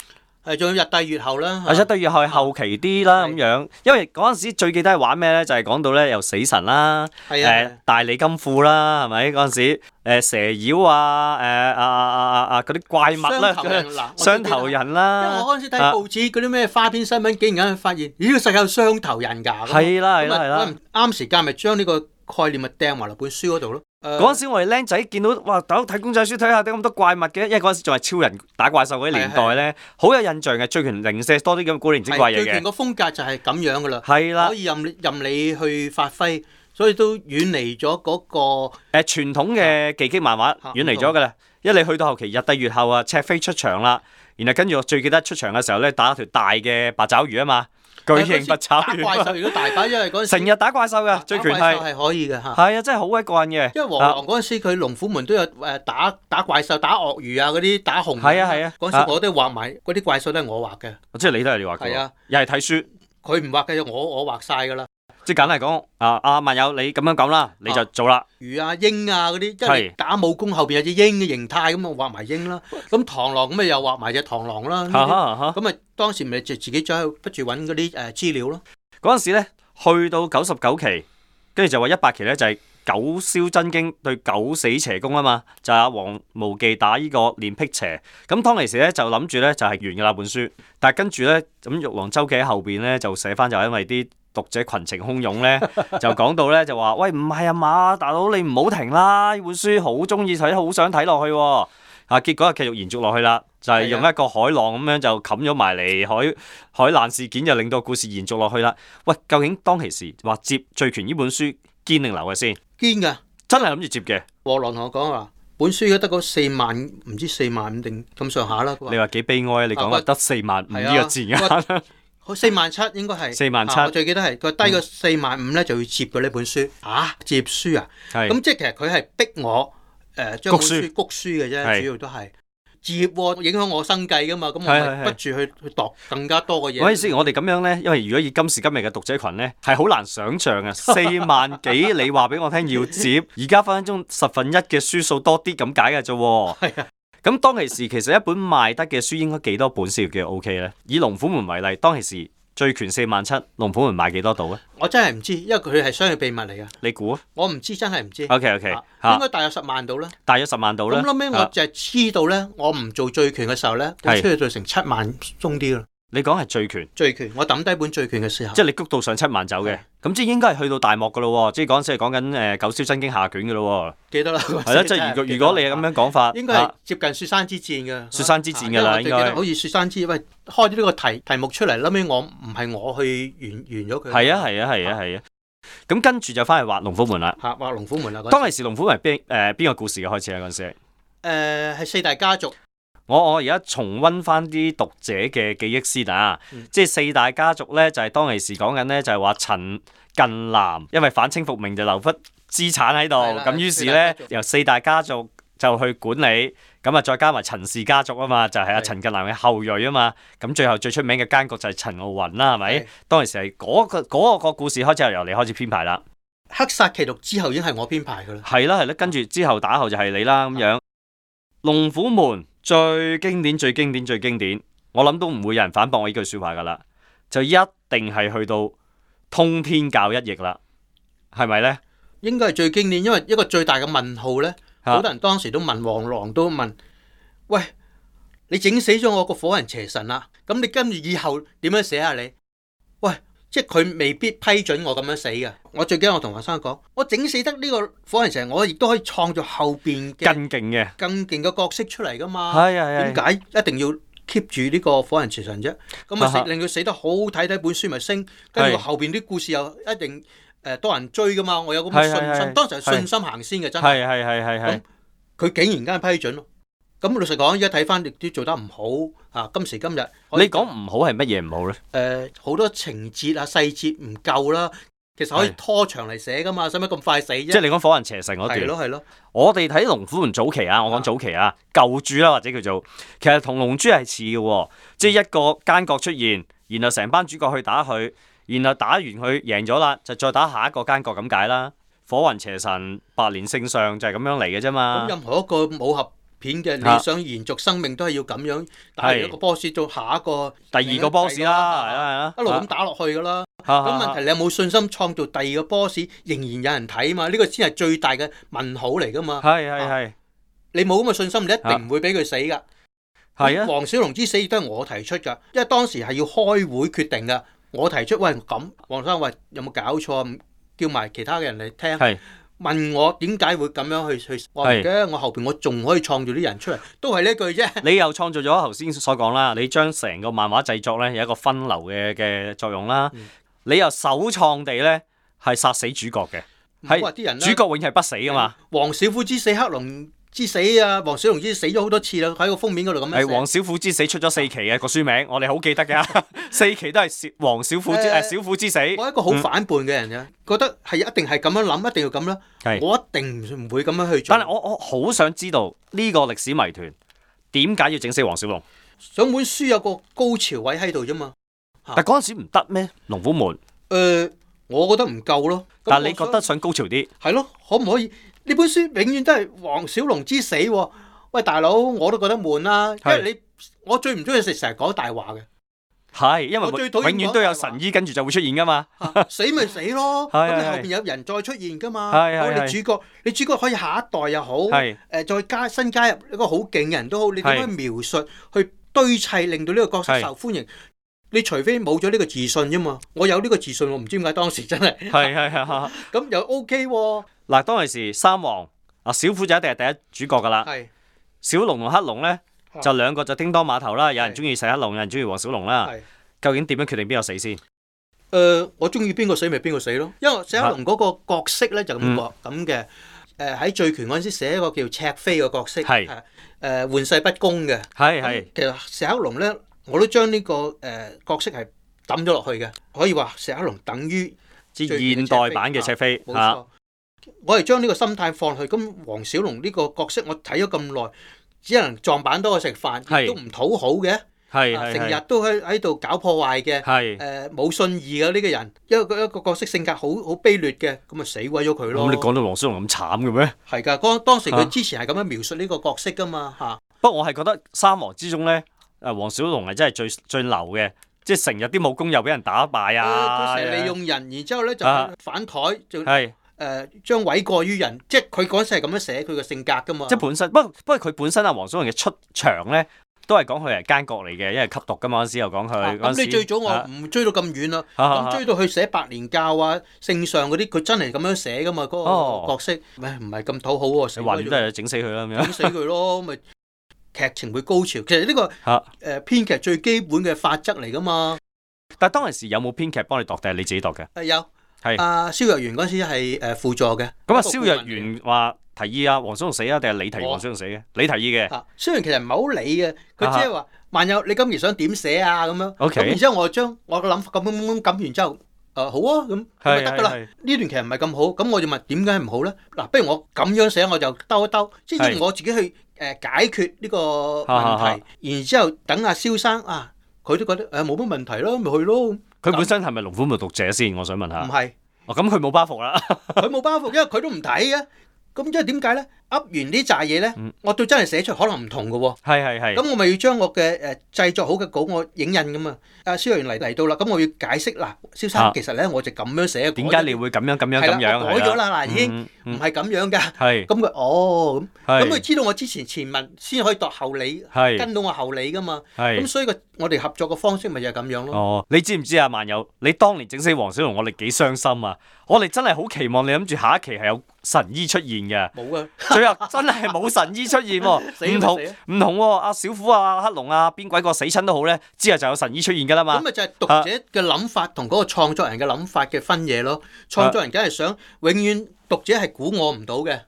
誒仲要日帝月後啦，或者對月後後期啲啦咁樣，因為嗰陣時最記得係玩咩咧？就係、是、講到咧，又「死神啦，誒、啊欸、大李金庫啦，係咪嗰陣時蛇妖啊，誒啊啊啊啊嗰啲、啊啊、怪物啦，雙頭人啦，因為我嗰陣時睇報紙嗰啲咩花邊新聞，竟然啱發現，咦！個世界有雙頭人㗎，係啦係啦係啦，啱時間咪將呢個。 (music) 概念咪掟埋落本書嗰度咯。嗰陣、呃、時我哋僆仔見到哇，睇公仔書睇下點解咁多怪物嘅？因為嗰陣時仲係超人打怪獸嗰啲年代咧，好是是 有印象嘅。最全零舍多啲咁古靈精怪嘢嘅。最全個風格就係咁樣噶啦，的可以任任你去發揮，所以都遠離咗嗰、那個誒、呃、傳統嘅技擊漫畫，嗯嗯、遠離咗噶啦。一、嗯嗯、你去到後期日帝月後啊，赤飛出場啦，然後跟住我最記得出場嘅時候咧，打一條大嘅八爪魚啊嘛。巨型怪獸如果大把，因為嗰陣時，成日打怪獸嘅。 (laughs) 打怪獸係可以嘅嚇。係啊，真係好鬼過癮嘅。因為黃黃嗰陣時，佢龍虎門都有誒打打怪獸、打鱷魚啊嗰啲打熊。係啊係啊，嗰、啊、時我都畫埋嗰啲怪獸，都係我畫嘅。即係你都係你畫嘅。係啊，又係睇書。佢唔、啊、畫嘅，我我畫晒㗎啦。即係簡單嚟講，啊，阿萬友你咁樣講啦，你就做啦。如啊鷹啊嗰啲，即係是打武功後邊有隻鷹嘅形態咁啊畫埋鷹啦。咁螳螂咁咪又畫埋隻螳螂啦。吓吓咁啊當時咪就自己再不住揾嗰啲誒資料咯。嗰陣時咧去到九十九期，跟住就話一百期咧就係、是、九消真經對九死邪功啊嘛。就阿、是、黃無忌打呢個練辟邪。咁當其時咧就諗住咧就係完嘅啦本書，但係跟住咧咁玉皇周記喺後邊咧就寫翻就係因為啲。讀者群情洶湧咧，就講到咧就話：喂，唔係啊，嘛，大佬，你唔好停啦！本書好中意睇，好想睇落去喎、哦。啊，結果又繼續延續落去啦，就係、是、用一個海浪咁樣就冚咗埋嚟海海難事件，就令到故事延續落去啦。喂，究竟當其時話接《醉拳》呢本書堅定留嘅先堅㗎，真係諗住接嘅。卧龍同我講話，本書而家得嗰四萬，唔知四萬五定咁上下啦。你話幾悲哀啊？你講話得四萬五呢個字眼四萬七應該係，四萬七，我最記得係佢低過四萬五咧就要接個呢本書。嚇，接書啊？係。咁即係其實佢係逼我誒，谷書谷書嘅啫，主要都係接喎，影響我生計噶嘛。咁我不住去去奪更加多嘅嘢。可以，陣時我哋咁樣咧，因為如果以今時今日嘅讀者羣咧，係好難想像啊。四萬幾你話俾我聽要接，而家分分鐘十分一嘅書數多啲咁解嘅啫喎。咁當其時，其實一本賣得嘅書應該幾多本先叫 O K 咧？以《龍虎門》為例，當其時最權四萬七，《龍虎門》賣幾多度咧？我真係唔知，因為佢係商業秘密嚟噶。你估？我唔知，真係唔知。O K O K，應該大約十萬度啦，大約十萬度啦。咁後屘我就係知道咧，我唔、啊、做最權嘅時候咧，我出去做成七萬中啲咯。你講係醉拳，醉拳，我抌低本醉拳嘅時候，即係你谷到上七萬走嘅，咁即係應該係去到大漠噶咯，即係嗰陣時係講緊誒九霄真經下卷噶咯，記得啦，係啦，即係如果如果你係咁樣講法，啊、應該係接近雪山之戰噶，啊、雪山之戰噶啦，應該好似雪山之喂開咗呢個題題目出嚟，諗起我唔係我去完完咗佢，係啊係啊係啊係啊，咁、啊啊啊啊啊啊啊、跟住就翻去畫龍虎門啦，畫龍、啊、虎門啦，當陣時龍虎門係邊誒邊個故事嘅開始啊嗰陣時，誒係、呃、四大家族。我我而家重温翻啲讀者嘅記憶先啊，嗯、即係四大家族咧，就係、是、當其時講緊咧，就係話陳近南，因為反清復明就留翻資產喺度，咁於是咧的由四大家族就去管理，咁啊再加埋陳氏家族啊嘛，就係阿陳近南嘅後裔啊嘛，咁的最後最出名嘅奸局就係陳傲雲啦，係咪？的當其時係嗰、嗰個、嗰個故事開始由你開始編排啦。黑煞奇錄之後已經係我編排噶啦。係啦係啦，跟住之後打後就係你啦咁樣。龍虎門。最經典、最經典、最經典，我諗都唔會有人反駁我呢句説話㗎啦，就一定係去到通天教一役啦，係咪呢？應該係最經典，因為一個最大嘅問號呢，好多人當時都問黃狼都問，喂，你整死咗我個火人邪神啦，咁你跟住以後點樣寫啊你？即係佢未必批准我咁樣死嘅，我最驚我同學生講，我整死得呢個火人邪神，我亦都可以創造後邊更勁嘅、更勁嘅角色出嚟噶嘛。係係係。點解、哎、呀一定要 keep 住呢個火人邪神啫？咁啊哈，令佢死得好睇睇本書咪升，跟住後邊啲故事又一定誒、呃、多人追噶嘛。我有咁嘅信心，哎、呀當時信心行先嘅真係係係係係。佢、哎哎哎哎、竟然間批准咯。咁老實講，依家睇翻亦都做得唔好啊！今時今日，你講唔好係乜嘢唔好咧？誒、呃，好多情節啊、細節唔夠啦，其實可以拖長嚟寫噶嘛，使乜咁快死？即係你講火雲邪神嗰段係咯係咯，我哋睇《龍虎門》早期啊，的我講早期啊，舊住啦或者叫做，其實同《龍珠》係似嘅，即係一個奸角出現，然後成班主角去打佢，然後打完佢贏咗啦，就再打下一個奸角咁解啦。火雲邪神、百年聖上就係、是、咁樣嚟嘅啫嘛。咁任何一個武俠。片嘅你想延續生命都係要咁樣，但係一個 boss 做下一個，第二個 boss 啦，係啊係啊，一路咁打落去噶啦。咁問題，你有冇信心創造第二個 boss？仍然有人睇嘛？呢個先係最大嘅問號嚟噶嘛。係係係，你冇咁嘅信心，你一定唔會俾佢死噶。係啊，黃小龍之死亦都係我提出噶，因為當時係要開會決定噶。我提出喂，咁黃生喂，有冇搞錯？叫埋其他嘅人嚟聽。問我點解會咁樣去去？我話嘅，我後邊我仲可以創造啲人出嚟，都係呢句啫。你又創造咗頭先所講啦，你將成個漫畫製作呢，有一個分流嘅嘅作用啦。嗯、你又首創地呢，係殺死主角嘅，係主角永遠係不死㗎嘛？王小虎之死黑龍。之死啊！黃小龍之死咗好多次啦，喺個封面嗰度咁。係《黃小虎之死》出咗四期嘅個書名，我哋好記得㗎。四期都係小黃小虎之誒小虎之死。我係一個好反叛嘅人啊，覺得係一定係咁樣諗，一定要咁咯。係我一定唔會咁樣去做。但係我我好想知道呢個歷史謎團點解要整死黃小龍？想本書有個高潮位喺度啫嘛，但係嗰陣時唔得咩？龍虎門誒，我覺得唔夠咯。但係你覺得想高潮啲？係咯，可唔可以？呢本書永遠都係黃小龍之死喎！喂，大佬我都覺得悶啦，因為你我最唔中意食成日講大話嘅，係因為永遠都有神醫跟住就會出現噶嘛，死咪死咯，咁你後邊有人再出現噶嘛，咁你主角你主角可以下一代又好，誒再加新加入一個好勁嘅人都好，你點樣描述去堆砌令到呢個角色受歡迎？你除非冇咗呢個自信啫嘛，我有呢個自信，我唔知點解當時真係係係啊，咁又 OK 喎。嗱，當其時三王啊，小虎就一定係第一主角噶啦。係是小龍同黑龍咧，就兩個就叮當碼頭啦。有人中意石黑龍，有人中意黃小龍啦。係是究竟點樣決定邊個死先？誒、呃，我中意邊個死咪邊個死咯。因為石黑龍嗰個角色咧就咁咁嘅。誒、嗯，喺醉拳嗰陣時寫一個叫赤飛嘅角色。係誒是，玩、呃、世不恭嘅。係係、嗯、其實石黑龍咧，我都將呢、這個誒、呃、角色係抌咗落去嘅。可以話石黑龍等於即現代版嘅赤飛。冇、啊、錯、啊。我係將呢個心態放去，咁黃小龍呢個角色我睇咗咁耐，只能撞板多過食飯，都唔討好嘅，成日都喺喺度搞破壞嘅，誒冇信義嘅呢個人，一個一個角色性格好好卑劣嘅，咁咪死鬼咗佢咯。咁你講到黃小龍咁慘嘅咩？係噶，當當時佢之前係咁樣描述呢個角色噶嘛吓。不過我係覺得三王之中咧，誒黃小龍係真係最最流嘅，即係成日啲武功又俾人打敗啊，利用人，然之後咧就反台就。誒，將委過於人，即係佢嗰時係咁樣寫佢嘅性格噶嘛，即係本身，不過不過佢本身阿黃宗林嘅出場咧，都係講佢係奸角嚟嘅，因為吸毒噶嘛，嗰時又講佢。咁你最早我唔追到咁遠啦，咁追到佢寫百年教啊、聖上嗰啲，佢真係咁樣寫噶嘛？嗰個角色唔係唔係咁討好喎，你話完都係整死佢啦，咁樣整死佢咯，咁咪劇情會高潮。其實呢個誒編劇最基本嘅法則嚟噶嘛。但係當陣時有冇編劇幫你度定係你自己度嘅？誒有。係啊，蕭若元嗰時係誒輔助嘅。咁啊，蕭若元話提議啊，黃松龍死啊，定係你提議黃松龍死嘅？你提議嘅。蕭若元其實唔係好理嘅，佢即係話萬有，你今期想點寫啊咁樣。OK。咁然之後我就將我個諗法咁樣咁，咁完之後誒好啊咁，得噶啦。呢段劇唔係咁好，咁我就問點解唔好咧？嗱，不如我咁樣寫，我就兜一兜，即係我自己去誒解決呢個問題，然之後等阿蕭生啊，佢都覺得誒冇乜問題咯，咪去咯。佢本身係咪《龍虎門》讀者先？我想問下。唔係是，哦咁佢冇包袱啦。佢 (laughs) 冇包袱，因為佢都唔睇嘅。咁即係點解咧？噏完呢扎嘢咧，我都真係寫出可能唔同嘅喎。係。係咁我咪要將我嘅誒製作好嘅稿我影印㗎嘛？阿蕭然嚟嚟到啦，咁我要解釋嗱，蕭生其實咧我就咁樣寫，點解你會咁樣咁樣咁樣？改咗啦，嗱已經唔係咁樣噶。係。咁佢哦咁，咁佢知道我之前前文先可以讀後理，跟到我後理噶嘛。係。咁所以個我哋合作嘅方式咪就係咁樣咯。哦。你知唔知啊？萬友，你當年整死黃小龍，我哋幾傷心啊！我哋真係好期望你諗住下一期係有神醫出現嘅。冇啊。佢又真係冇神醫出現喎，唔同唔同，阿小虎啊、黑龍啊、邊鬼個死親都好咧，之後就有神醫出現嘅啦嘛。咁咪就係、是、讀者嘅諗法同嗰個創作人嘅諗法嘅分野咯。創作人梗係想永遠讀者係估我唔到嘅，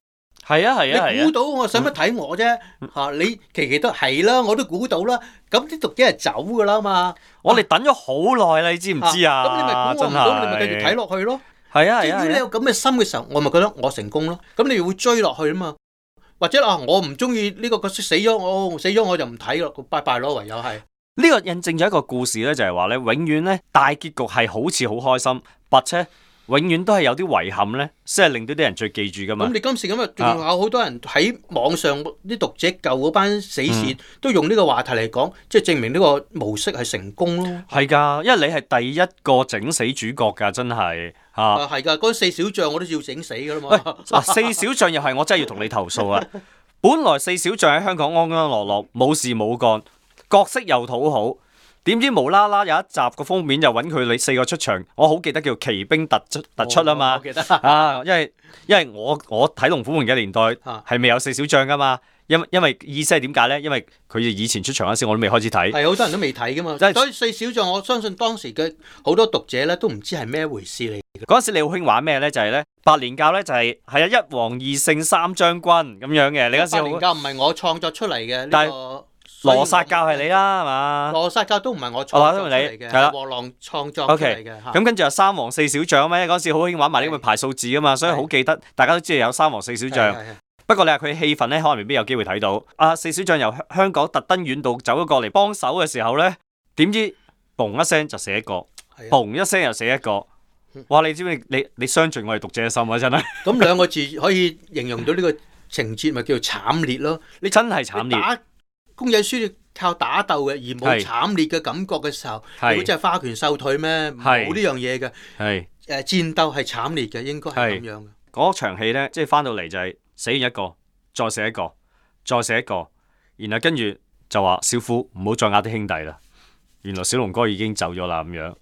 係啊係啊，你估到我想乜睇我啫？吓，你期期都係啦，我都估到啦。咁啲讀者係走噶啦嘛。我哋等咗 you know、嗯、好耐啦、um,，你知唔知啊？咁你咪估唔到，你咪繼續睇落去咯。係啊！只要你有咁嘅心嘅時候，我咪覺得我成功咯。咁你又會追落去啊嘛？或者啊，我唔中意呢個角色死咗，我死咗我就唔睇咯，拜拜咯，唯有係呢個印證咗一個故事咧，就係話咧，永遠咧大結局係好似好開心，but 卻永遠都係有啲遺憾咧，先係令到啲人最記住噶嘛。咁你今次咁啊，仲有好多人喺網上啲讀者舊嗰班死線都用呢個話題嚟講，即係證明呢個模式係成功咯。係噶，因為你係第一個整死主角噶，真係。啊，係噶，嗰四小將我都要整死噶啦嘛，哎。啊，四小將又係，我真係要同你投訴啊！ (laughs) 本來四小將喺香港安安樂樂，冇事冇幹，角色又討好。點知無啦啦有一集個封面就揾佢你四個出場，我好記得叫《奇兵突出》哦、突出啊嘛，我記得啊，因為因為我我睇《龍虎門》嘅年代係未有四小將噶嘛，因為因為意思係點解呢？因為佢以前出場嗰時我都未開始睇，係好多人都未睇噶嘛，就係、所以四小將我相信當時嘅好多讀者呢都唔知係咩回事嚟。嗰陣時你好興玩咩呢？就係、是、呢，八連教呢，就係係啊一王二勝三將軍咁樣嘅。你嗰時八連教唔係我創作出嚟嘅，但係。羅剎教係你啦，係嘛？羅剎教都唔係我創作出嚟嘅，係啦、啊，臥龍創作出嚟嘅。咁跟住啊，三王四小將咩？嗰時好興玩埋呢個排數字啊嘛，所以好記得。大家都知有三王四小將。小不過你話佢氣氛咧，可能未必有機會睇到。阿、啊、四小將由香港特登遠度走咗過嚟幫手嘅時候咧，點知嘣一聲就死一個，嘣、啊、一聲又死一個。哇！你知唔知你你傷盡我哋讀者心啊！真係。咁兩、嗯、 (laughs) 個字可以形容到呢個情節，咪、就是、叫做慘烈咯。你真係慘烈。公仔書靠打鬥嘅，而冇慘烈嘅感覺嘅時候，如果真係花拳繡腿咩，冇呢樣嘢嘅。誒、戰鬥係慘烈嘅，應該係咁樣。嗰場戲咧，即係翻到嚟就係死完一個，再死一個，再死一個，然後跟住就話小虎唔好再呃啲兄弟啦。原來小龍哥已經走咗啦，咁樣。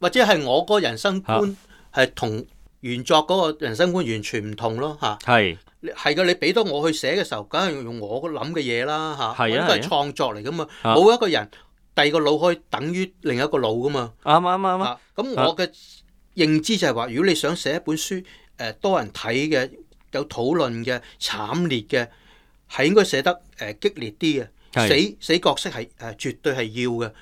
或者係我個人生觀係同原作嗰個人生觀完全唔同咯，嚇。係。係噶，你俾到我去寫嘅時候，梗係用我諗嘅嘢啦，吓的，咁都係創作嚟噶嘛，冇的一個人第二個腦可以等於另一個腦噶嘛，啱啊啱啱，咁我嘅認知就係話，如果你想寫一本書，誒、呃、多人睇嘅，有討論嘅，慘烈嘅，係應該寫得誒、呃、激烈啲嘅，的死死角色係誒、呃、絕對係要嘅。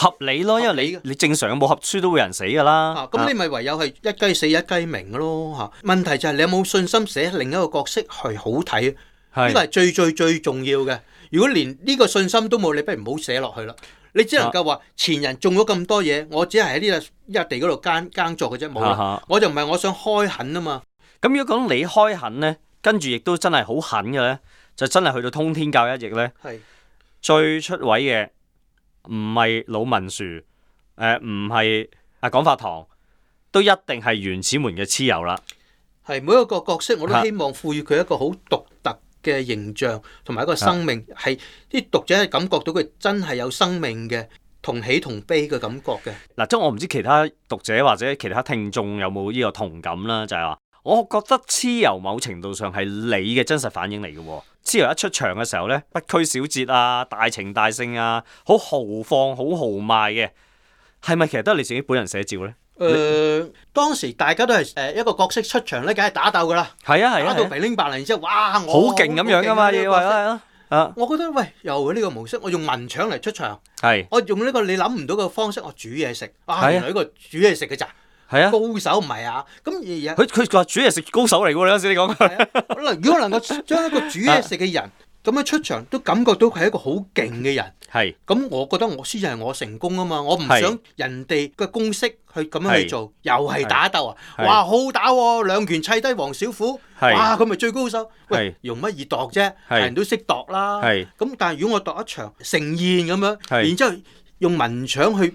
合理咯，因為你你正常嘅，冇合書都會有人死噶啦。咁、啊嗯啊、你咪唯有係一雞死一雞鳴咯吓、啊。問題就係你有冇信心寫另一個角色係好睇？呢個係最最最重要嘅。如果連呢個信心都冇，你不如唔好寫落去啦。你只能夠話前人種咗咁多嘢，我只係喺呢個一地嗰度耕耕作嘅啫。冇、啊、我就唔係我想開墾啊嘛。咁、啊嗯啊嗯啊、如果講你開墾咧，跟住亦都真係好狠嘅咧，就真係去到通天教一役咧，係、啊、是最出位嘅。唔係老文殊，誒唔係阿講法堂，都一定係原始門嘅蚩尤啦。係每一個角色，我都希望賦予佢一個好獨特嘅形象，同埋一個生命，係啲是是讀者感覺到佢真係有生命嘅，同喜同悲嘅感覺嘅。嗱，即係我唔知其他讀者或者其他聽眾有冇呢個同感啦，就係、是、話，我覺得蚩尤某程度上係你嘅真實反應嚟嘅。之後一出場嘅時候咧，不拘小節啊，大情大性啊，好豪放，好豪邁嘅，係咪其實都係你自己本人寫照咧？誒、呃，當時大家都係誒一個角色出場咧，梗係打鬥噶啦，係啊係啊，啊啊到肥拎八啦，之後，哇！我好勁咁樣噶嘛，你話啊啊！啊我覺得喂，又呢個模式，我用文腸嚟出場，係是，我用呢個你諗唔到嘅方式，我煮嘢食，啊，原來個煮嘢食嘅咋？係啊，高手唔係啊，咁日日佢佢話煮嘢食高手嚟噶喎，你啱先你講，如果能夠將一個煮嘢食嘅人咁樣出場，都感覺到佢係一個好勁嘅人，係，咁我覺得我先至係我成功啊嘛，我唔想人哋嘅公式去咁樣去做，又係打鬥啊，哇好打喎，兩拳砌低黃小虎，哇佢咪最高手，喂用乜嘢度啫，人都識度啦，咁但係如果我度一場盛宴咁樣，然之後用文場去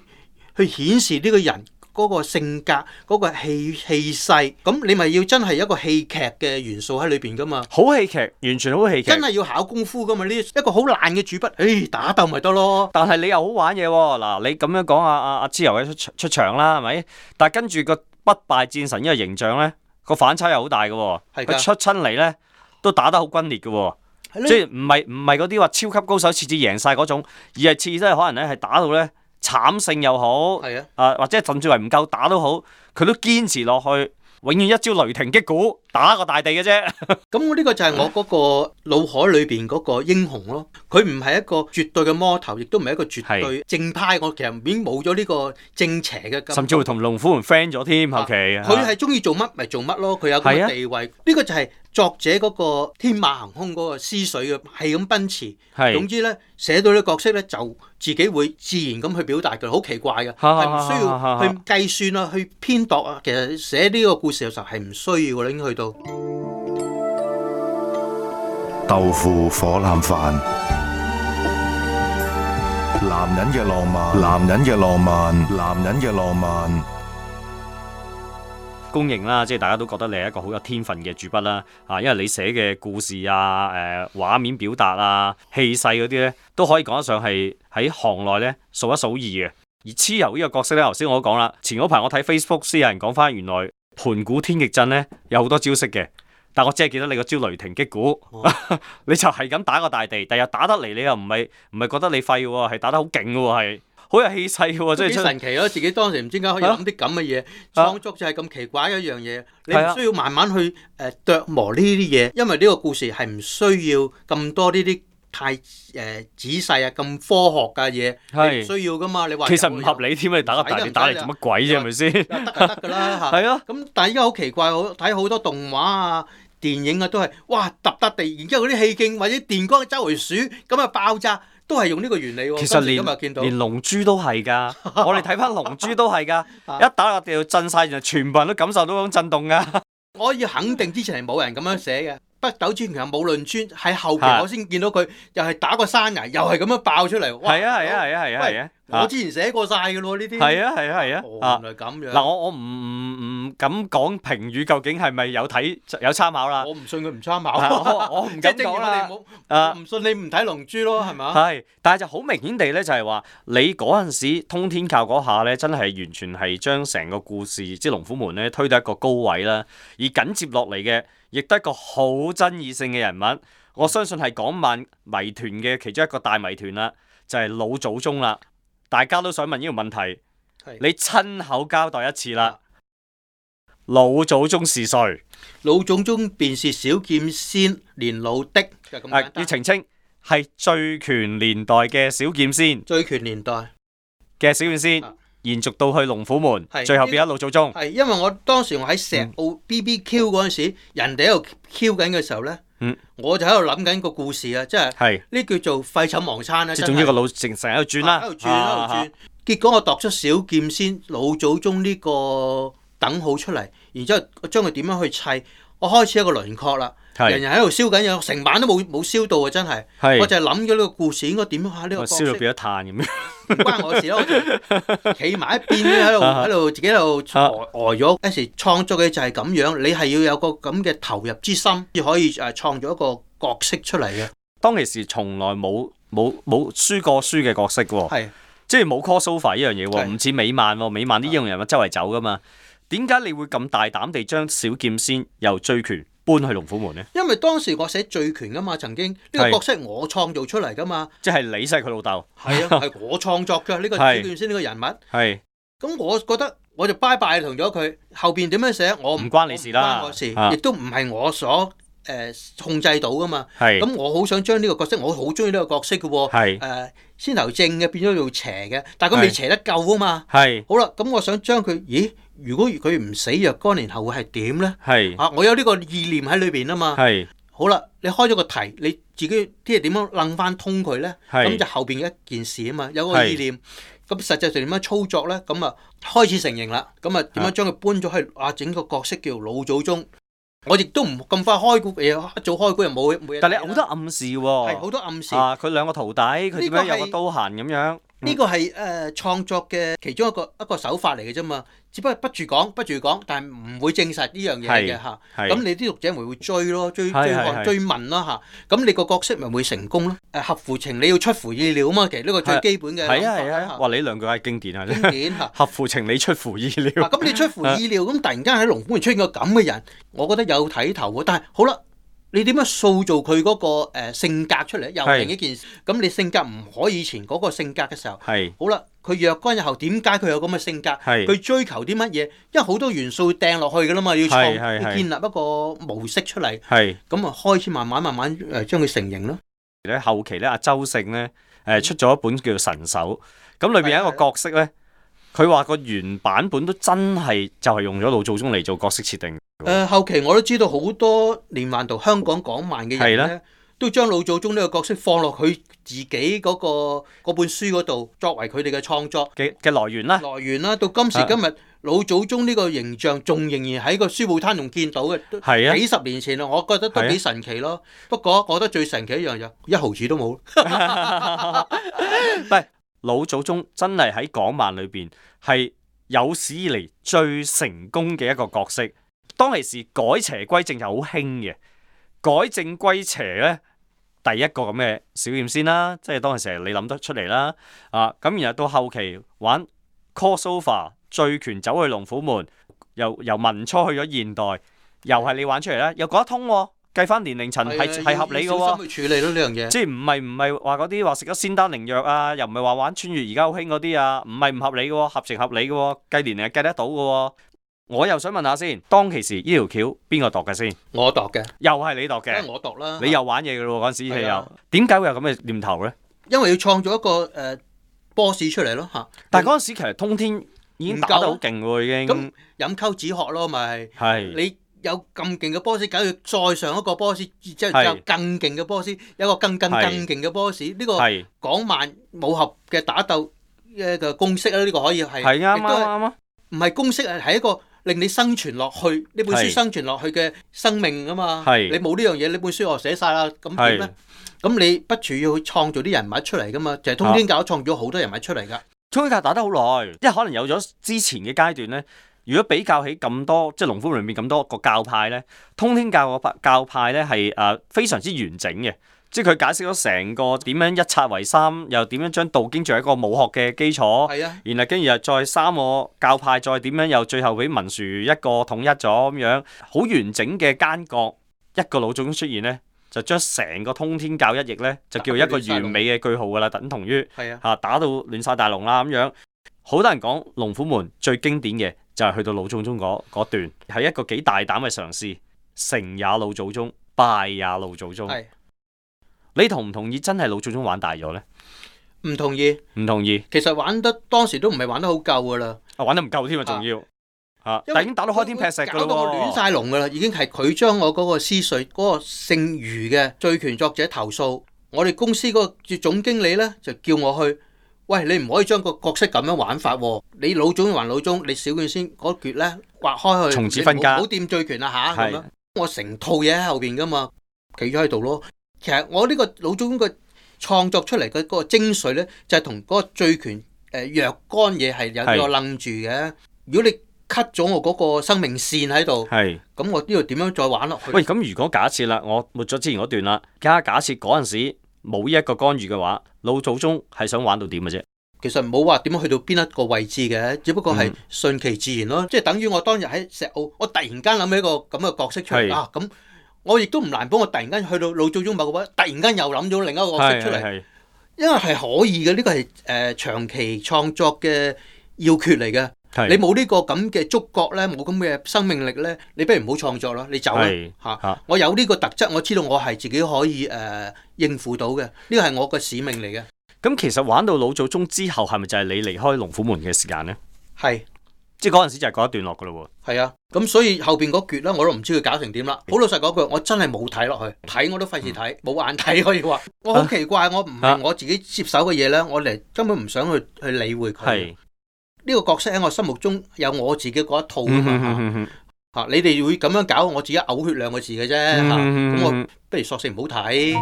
去顯示呢個人。嗰個性格，嗰個氣氣勢，咁你咪要真係一個戲劇嘅元素喺裏邊噶嘛？好戲劇，完全好戲劇，真係要考功夫噶嘛？呢一個好爛嘅主筆，誒打鬥咪得咯？但係你又好玩嘢喎！嗱，你咁樣講阿阿阿蚩尤嘅出出場啦，係咪？但係跟住個不敗戰神嘅形象咧，個反差又好大嘅喎。係嘅。佢出親嚟咧，都打得好轟烈嘅喎，即係唔係唔係嗰啲話超級高手次次贏曬嗰種，而係次次都可能咧係打到咧。慘勝又好，啊的或者甚至係唔夠打都好，佢都堅持落去，永遠一招雷霆擊鼓。打個大地嘅啫，咁我呢個就係我嗰個腦海裏邊嗰個英雄咯，佢唔係一個絕對嘅魔頭，亦都唔係一個絕對正派。是我其實已經冇咗呢個正邪嘅感覺，甚至會同龍虎門 friend 咗添後期。佢係中意做乜咪做乜咯，佢有咁嘅地位。呢、啊、個就係作者嗰個天馬行空嗰個思緒嘅係咁奔馳。係是，總之呢，寫到啲角色呢，就自己會自然咁去表達佢好奇怪嘅，係唔 (laughs) 需要去計算啊， (laughs) 去編度啊。其實寫呢個故事嘅時候係唔需要啦，已經去到。豆腐火腩飯，男人嘅浪漫，男人嘅浪漫，男人嘅浪漫，公認啦，即係大家都覺得你係一個好有天分嘅主筆啦，啊，因為你寫嘅故事啊，誒、呃，畫面表達啊，氣勢嗰啲呢，都可以講得上係喺行內呢數一數二嘅。而蚩尤呢個角色呢，頭先我都講啦，前嗰排我睇 Facebook 先有人講返，原來。盤古天極陣咧有好多招式嘅，但我只係記得你個招雷霆擊鼓，哦、 (laughs) 你就係咁打個大地，第日，日打得嚟你又唔係唔係覺得你廢喎，係打得好勁喎，係好有氣勢喎，即係幾神奇咯！嗯、自己當時唔知點解可以諗啲咁嘅嘢，創作就係咁奇怪一樣嘢，啊、你需要慢慢去誒琢、呃、磨呢啲嘢，因為呢個故事係唔需要咁多呢啲。太誒仔細啊！咁科學嘅嘢需要噶嘛？你話其實唔合理添，你打個大電打嚟做乜鬼啫？係咪先？得係得㗎啦嚇！係咯，咁但係而家好奇怪，睇好多動畫啊、電影啊，都係哇揼得地，然之後嗰啲氣勁或者電光周圍鼠，咁啊爆炸都係用呢個原理喎。其實今日見到連龍珠都係㗎，我哋睇翻龍珠都係㗎，一打落地震晒，然後全部人都感受到嗰種震動啊！我要肯定之前係冇人咁樣寫嘅。北斗尊強武論尊，喺後期我先見到佢又係打個山崖，又係咁樣爆出嚟。係啊係啊係啊係啊！啊。我之前寫過晒㗎咯，呢啲係啊係啊係啊！原來咁樣嗱，我我唔唔唔敢講評語，究竟係咪有睇有參考啦？我唔信佢唔參考，我唔敢講啦。你冇，我唔信你唔睇《龍珠》咯，係咪？係，但係就好明顯地咧，就係話你嗰陣時通天教嗰下咧，真係完全係將成個故事即係《龍虎門》咧推到一個高位啦。而緊接落嚟嘅。亦都係一個好爭議性嘅人物，我相信係港漫迷團嘅其中一個大迷團啦，就係、是、老祖宗啦。大家都想問呢個問題，的你親口交代一次啦。老祖宗是誰？老祖宗便是小劍仙年老的、就是啊，要澄清係醉拳年代嘅小劍仙。醉拳年代嘅小劍仙。啊延續到去龍虎門，是最後變一路祖宗。係因為我當時我喺石澳 B B Q 嗰陣時，人哋喺度 Q 緊嘅時候咧，我就喺度諗緊個故事啊，即係呢是叫做廢寢忘餐啦。即係總之個腦成成日喺度轉啦，喺度、啊、轉喺度轉、啊、轉。結果我度出小劍仙老祖宗呢個等號出嚟，然之後我將佢點樣去砌，我開始一個輪廓啦。人人喺度燒緊嘢，成晚都冇冇燒到啊！真係，我就係諗咗呢個故事應該點喺呢個角色燒到變咗炭咁樣，唔關我事咯。我企埋一邊喺度喺度自己喺度呆咗。一時創作嘅就係咁樣，你係要有個咁嘅投入之心，至可以誒創造一個角色出嚟嘅。當其時從來冇冇冇輸過輸嘅角色喎，即係冇 Call Sofa 呢樣嘢喎，唔似美漫喎，美漫啲英雄人物周圍走噶嘛？點解你會咁大膽地將小劍仙又追拳？搬去龍虎門呢？因為當時我寫醉拳噶嘛，曾經呢個角色我創造出嚟噶嘛。即係李世佢老豆。係啊，係我創作噶呢個醉拳先呢個人物。係。咁我覺得我就拜拜同咗佢，後邊點樣寫我唔關你事啦，唔關我事，亦都唔係我所誒控制到噶嘛。係。咁我好想將呢個角色，我好中意呢個角色噶喎。係。誒，先頭正嘅變咗做邪嘅，但係佢未邪得夠啊嘛。係。好啦，咁我想將佢，咦？如果佢唔死，若干年後會係點咧？係，吓我有呢個意念喺裏邊啊嘛。係，好啦，你開咗個題，你自己啲係點樣諗翻通佢咧？係，咁就後邊一件事啊嘛，有嗰個意念。咁實際上點樣操作咧？咁啊，開始成形啦。咁啊，點樣將佢搬咗去啊？整個角色叫老祖宗。我亦都唔咁快開估嘢，一早開估又冇冇。但你好多暗示喎，係好多暗示。啊，佢兩個徒弟，佢點樣有個刀痕咁樣？呢個係誒創作嘅其中一個一個手法嚟嘅啫嘛，只不過不住講不住講，但係唔會證實呢樣嘢嘅嚇。咁、啊、你啲讀者咪會追咯，追追，追問追問咯嚇。咁、啊啊、你個角色咪會成功咯？誒、啊、合乎情理，你要出乎意料嘛。其實呢個最基本嘅。係啊係啊，啊，哇！你兩句係經典，經典啊！經典合乎情理乎，啊啊、你出乎意料。咁你出乎意料，咁突然間喺龍虎門出現個咁嘅人，我覺得有睇頭喎。但係好啦。你點樣塑造佢嗰個性格出嚟？又另一件事，咁是你性格唔可以以前嗰個性格嘅時候，係是好啦。佢若干日後，點解佢有咁嘅性格？係佢是追求啲乜嘢？因為好多元素掟落去㗎啦嘛，要創要建立一個模式出嚟，係咁啊，開始慢慢慢慢誒將佢成形咯。而咧後期咧，阿周勝咧誒出咗一本叫做《神手》，咁裏邊有一個角色咧，佢話個原版本都真係就係用咗老祖宗嚟做角色設定。誒、呃，後期我都知道好多連環圖香港港漫嘅人的都將老祖宗呢個角色放落佢自己嗰、嗰個本書嗰度，作為佢哋嘅創作嘅嘅來源啦。來源啦，到今時今日，的老祖宗呢個形象仲仍然喺個書報攤仲見到嘅。係幾十年前啊，的我覺得都幾神奇咯。的不過，我覺得最神奇一樣嘢，一毫子都冇。 (laughs) (laughs) 唔係老祖宗真係喺港漫裏邊係有史以嚟最成功嘅一個角色。當其時改邪歸正又好興嘅，改正歸邪咧，第一個咁嘅小驗先啦，即係當其時你諗得出嚟啦，啊咁然後到後期玩 crossover 醉拳走去龍虎門，由由民初去咗現代，又係你玩出嚟啦，又講得通喎、喔，計翻年齡層係係的合理嘅喎、喔，處理咯呢樣嘢，即係唔係唔係話嗰啲話食咗仙丹靈藥啊，又唔係話玩穿越而家好興嗰啲啊，唔係唔合理嘅喎、喔，合情合理嘅喎、喔，計年齡計得到嘅喎、喔。我又想問下先，當其時呢條橋邊個度嘅先？我度嘅，又係你度嘅，係我度啦。你又玩嘢嘅咯，嗰陣時，係又點解會有咁嘅念頭咧？因為要創造一個誒 boss 出嚟咯吓。但係嗰陣時其實通天已經打得好勁喎，已經飲溝止渴咯，咪係？係你有咁勁嘅 boss，搞到再上一個 boss，即係有更勁嘅 boss，有個更更更勁嘅 boss，呢個港漫武俠嘅打鬥嘅一個公式啦，呢個可以係係啱啊啱啊，唔係公式啊，係一個。令你生存落去呢本書生存落去嘅生命啊嘛，是你冇呢樣嘢呢本書我寫晒啦，咁點咧？咁是你不主要去創造啲人物出嚟噶嘛？就係、是、通天教創造好多人物出嚟噶、啊。通天教打得好耐，因為可能有咗之前嘅階段咧。如果比較起咁多即係農夫裏面咁多個教派咧，通天教個教派咧係誒非常之完整嘅。即係佢解釋咗成個點樣一拆為三，又點樣將道經做一個武學嘅基礎，係啊的，然後跟住又再三個教派，再點樣又最後俾文殊一個統一咗咁樣，好完整嘅奸角，一個老祖宗出現咧，就將成個通天教一役咧，就叫一個完美嘅句號㗎啦，等同於係啊，嚇的打到亂晒大龍啦咁樣，好多人講龍虎門最經典嘅就係去到老祖宗嗰段，係一個幾大膽嘅嘗試，成也老祖宗，敗也老祖宗。你同唔同意真係老祖宗玩大咗咧？唔同意，唔同意。其實玩得當時都唔係玩得好夠噶啦，啊玩得唔夠添啊，仲要吓，因為已經打到開天劈石咯，搞到我亂晒龍噶啦，已經係佢將我嗰個私稅嗰個姓余嘅醉拳作者投訴，我哋公司嗰個總經理咧就叫我去，喂，你唔可以將個角色咁樣玩法，你老總還老總，你少件先嗰橛咧刮開去，從此分家，唔好掂醉拳啊吓，咁樣我成套嘢喺後邊噶嘛，企咗喺度咯。其實我呢個老祖宗嘅創作出嚟嘅嗰個精髓呢，就係同嗰個醉拳誒若干嘢係有呢個楞住嘅。是如果你 cut 咗我嗰個生命線喺度，咁是我呢度點樣再玩落去？喂，咁如果假設啦，我抹咗之前嗰段啦，而假設嗰陣時冇呢一個干預嘅話，老祖宗係想玩到點嘅啫？其實唔好話點樣去到邊一個位置嘅，只不過係順其自然咯。即係、嗯、等於我當日喺石澳，我突然間諗起一個咁嘅角色出嚟是啊咁。啊啊啊啊啊我亦都唔難保，幫我突然間去到老祖宗某個位，突然間又諗咗另一個角色出嚟，是是是因為係可以嘅，呢個係誒長期創作嘅要訣嚟嘅。是是你冇呢個咁嘅觸覺呢？冇咁嘅生命力呢？你不如唔好創作啦，你走啦是是、啊、我有呢個特質，我知道我係自己可以誒、呃、應付到嘅。呢個係我嘅使命嚟嘅。咁其實玩到老祖宗之後，係咪就係你離開龍虎門嘅時間呢？係。即係嗰陣時就係嗰一段落噶咯喎，係啊，咁所以後邊嗰橛咧，我都唔知佢搞成點啦。好老實講句，我真係冇睇落去，睇我都費事睇，冇眼睇可以話。我好奇怪，我唔係我自己接手嘅嘢咧，我嚟根本唔想去去理會佢。係呢個角色喺我心目中有我自己嗰一套㗎嘛！吓你哋會咁樣搞，我自己嘔血兩個字嘅啫。吓咁我不如索性唔好睇。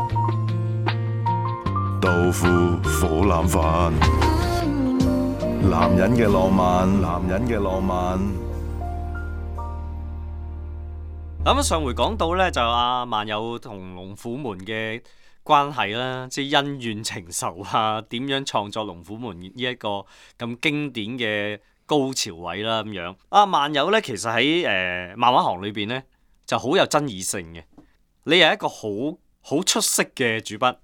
豆腐火腩飯。男人嘅浪漫，男人嘅浪漫。咁上回講到呢，就阿萬有同龍虎門嘅關係啦，即係恩怨情仇啊，點樣創作龍虎門呢一個咁經典嘅高潮位啦咁樣。阿萬有呢，其實喺誒漫畫行裏邊呢，就好有爭議性嘅。你係一個好好出色嘅主筆，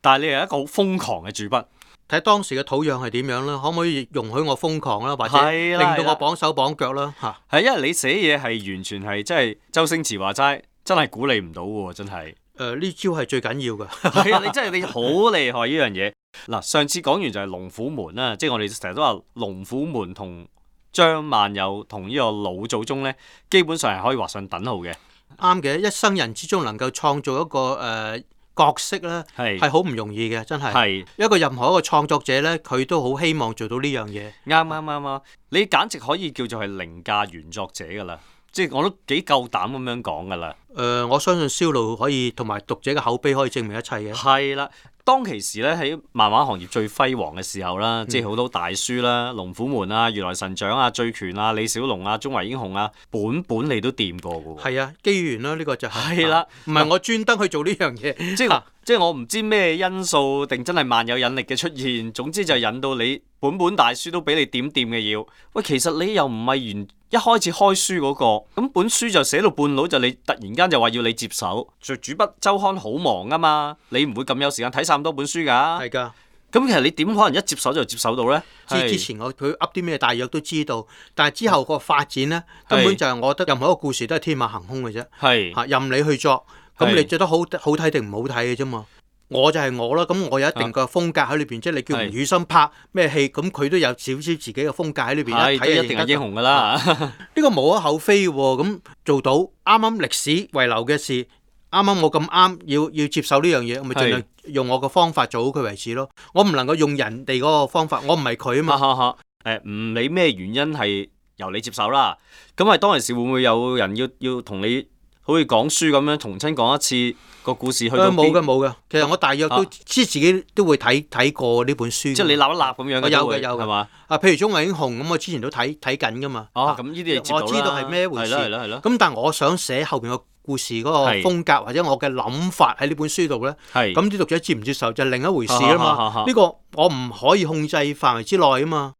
但係你係一個好瘋狂嘅主筆。睇當時嘅土壤係點樣啦，可唔可以容許我瘋狂啦，或者令到我綁手綁腳啦？嚇，係因為你寫嘢係完全係即係周星馳話齋，真係鼓勵唔到喎，真係。誒、呃，呢招係最緊要嘅。係 (laughs) 啊，你真係你好厲害呢樣嘢。嗱， (laughs) 上次講完就係龍虎門啦，即、就、係、是、我哋成日都話龍虎門同張萬有同呢個老祖宗呢，基本上係可以畫上等號嘅。啱嘅，一生人之中能夠創造一個誒。呃角色咧係係好唔容易嘅，真係一個任何一個創作者咧，佢都好希望做到呢樣嘢。啱啱啱啱，你簡直可以叫做係凌駕原作者㗎啦，即係我都幾夠膽咁樣講㗎啦。誒、呃，我相信銷路可以同埋讀者嘅口碑可以證明一切嘅。係啦。當其時咧，喺漫畫行業最輝煌嘅時候啦，嗯、即係好多大書啦，《龍虎門》啊，《如來神掌》啊，《醉拳》啊，《李小龍》啊，《中華英雄》啊，本本你都掂過噶喎。係啊，機緣啦，呢、呢個就係、係。係啦、啊，唔係、啊、我專登去做呢樣嘢，即係、啊啊、即係我唔知咩因素，定真係萬有引力嘅出現。總之就引到你本本大書都俾你點掂嘅要。喂，其實你又唔係原一開始開書嗰、嗰個，咁本書就寫到半路就你突然間就話要你接手。就主筆周刊好忙啊嘛，你唔會咁有時間睇晒。咁多本書㗎，係㗎。咁其實你點可能一接手就接手到咧？之之前我佢噏啲咩，大約都知道。但係之後個發展咧，根本就係我覺得任何一個故事都係天馬行空嘅啫。係吓，任你去作，咁你做得好好睇定唔好睇嘅啫嘛。我就係我啦。咁我有一定個風格喺裏邊，即係你叫吳宇森拍咩戲，咁佢都有少少自己嘅風格喺裏邊。睇一定係英雄㗎啦。呢個無可厚非喎。咁做到啱啱歷史遺留嘅事。啱啱我咁啱要要接受呢樣嘢，我咪盡量用我個方法做好佢為止咯。我唔能夠用人哋嗰個方法，我唔係佢啊嘛。誒，唔理咩原因係由你接受啦。咁係當陣時會唔會有人要要同你，好似講書咁樣重新講一次個故事去？冇嘅冇嘅，其實我大約都知自己都會睇睇過呢本書。即係你立一立咁樣嘅，有嘅有嘅。啊，譬如《中華英雄》咁，我之前都睇睇緊噶嘛。哦，咁呢啲你接到啦。我知道係咩回事。咁但係我想寫後邊個故事嗰個風格或者我嘅諗法喺呢本書度呢，咁啲是讀者接唔接受就係另一回事啊嘛。呢 (laughs) 個我唔可以控制範圍之內啊嘛。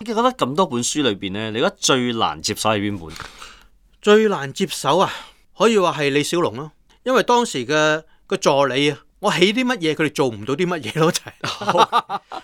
你覺得咁多本書裏邊呢，你覺得最難接手係邊本？最難接手啊，可以話係李小龍咯，因為當時嘅個助理啊，我起啲乜嘢佢哋做唔到啲乜嘢咯，就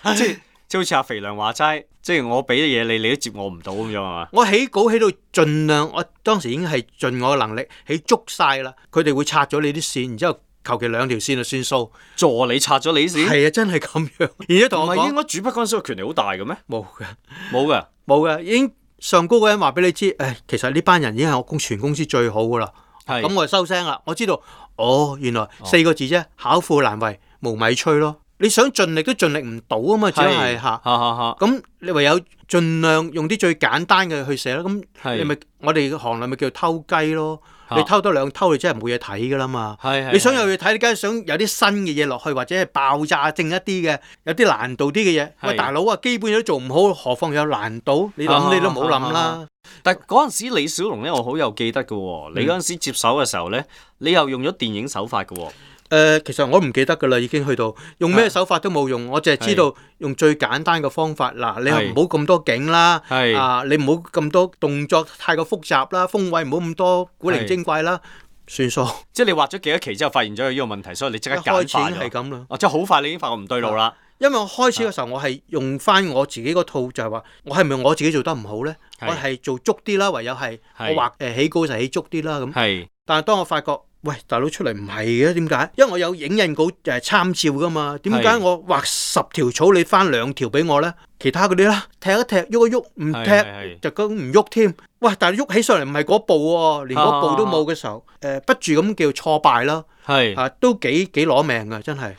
係。即好似阿肥良話齋，即係我俾啲嘢你，你都接我唔到咁樣係嘛？我起稿起到盡量，我當時已經係盡我嘅能力起足晒啦。佢哋會拆咗你啲線，然之後求其兩條線就算數，助你拆咗你啲線。係啊，真係咁樣。而家同我講，唔係應該主筆嗰陣時嘅權力好大嘅咩？冇嘅，冇嘅，冇嘅，已經上高嗰人話俾你知，誒，其實呢班人已經係我公全公司最好噶啦。係咁，我就收聲啦。我知道，哦，原來四個字啫，巧婦難為無米炊咯。你想盡力都盡力唔到啊嘛，只係嚇。咁你唯有盡量用啲最簡單嘅去寫咯。咁你咪是我哋行內咪叫偷雞咯。是你偷多兩偷，你真係冇嘢睇噶啦嘛。你想有嘢睇，你梗係想有啲新嘅嘢落去，或者係爆炸性一啲嘅，有啲難度啲嘅嘢。是喂，大佬啊，基本都做唔好，何況有難度？你諗是你都唔好諗啦。但係嗰陣時李小龍咧，我好有記得嘅喎。你嗰陣時接手嘅時候咧，你又用咗電影手法嘅喎。誒、呃，其實我都唔記得噶啦，已經去到用咩手法都冇用，是我淨係知道用最簡單嘅方法。嗱是，你係唔好咁多景啦，是啊，你唔好咁多動作太過複雜啦，是風位唔好咁多古靈精怪啦，是算數了。即係你畫咗幾多期之後，發現咗呢個問題，所以你即刻簡化。係咁啦，即係好快，你已經發覺唔對路啦。因為我開始嘅時候，我係用翻我自己個套，就係話我係咪我自己做得唔好咧？我係是做足啲啦，唯有係我畫誒起高就起足啲啦咁是。但係當我發覺。喂，大佬出嚟唔係嘅，點解？因為我有影印稿誒參照噶嘛，點解我畫十條草你翻兩條俾我咧？其他嗰啲啦，踢一踢，喐一喐，唔踢就咁唔喐添。喂，但係喐起上嚟唔係嗰步喎，連嗰步都冇嘅時候，誒不住咁叫挫敗咯。係啊，都幾幾攞命噶，真係。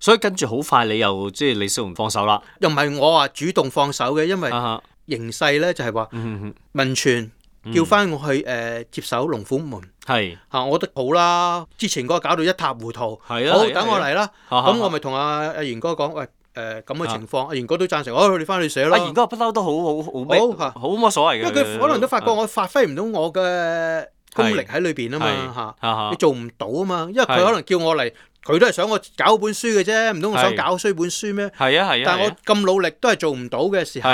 所以跟住好快你又即係李少文放手啦。又唔係我話主動放手嘅，因為形勢咧就係話文泉，叫翻我去誒接手龍虎門係嚇，我都好啦。之前嗰個搞到一塌糊塗，係啦。好，等我嚟啦。咁我咪同阿阿賢哥講，喂誒咁嘅情況，阿賢哥都贊成，我哋翻去寫啦。阿賢哥不嬲都好好好，好冇乜所謂嘅。因為佢可能都發覺我發揮唔到我嘅功力喺裏邊啊嘛，嚇，你做唔到啊嘛。因為佢可能叫我嚟，佢都係想我搞本書嘅啫，唔通我想搞衰本書咩？係啊係啊，但係我咁努力都係做唔到嘅時候。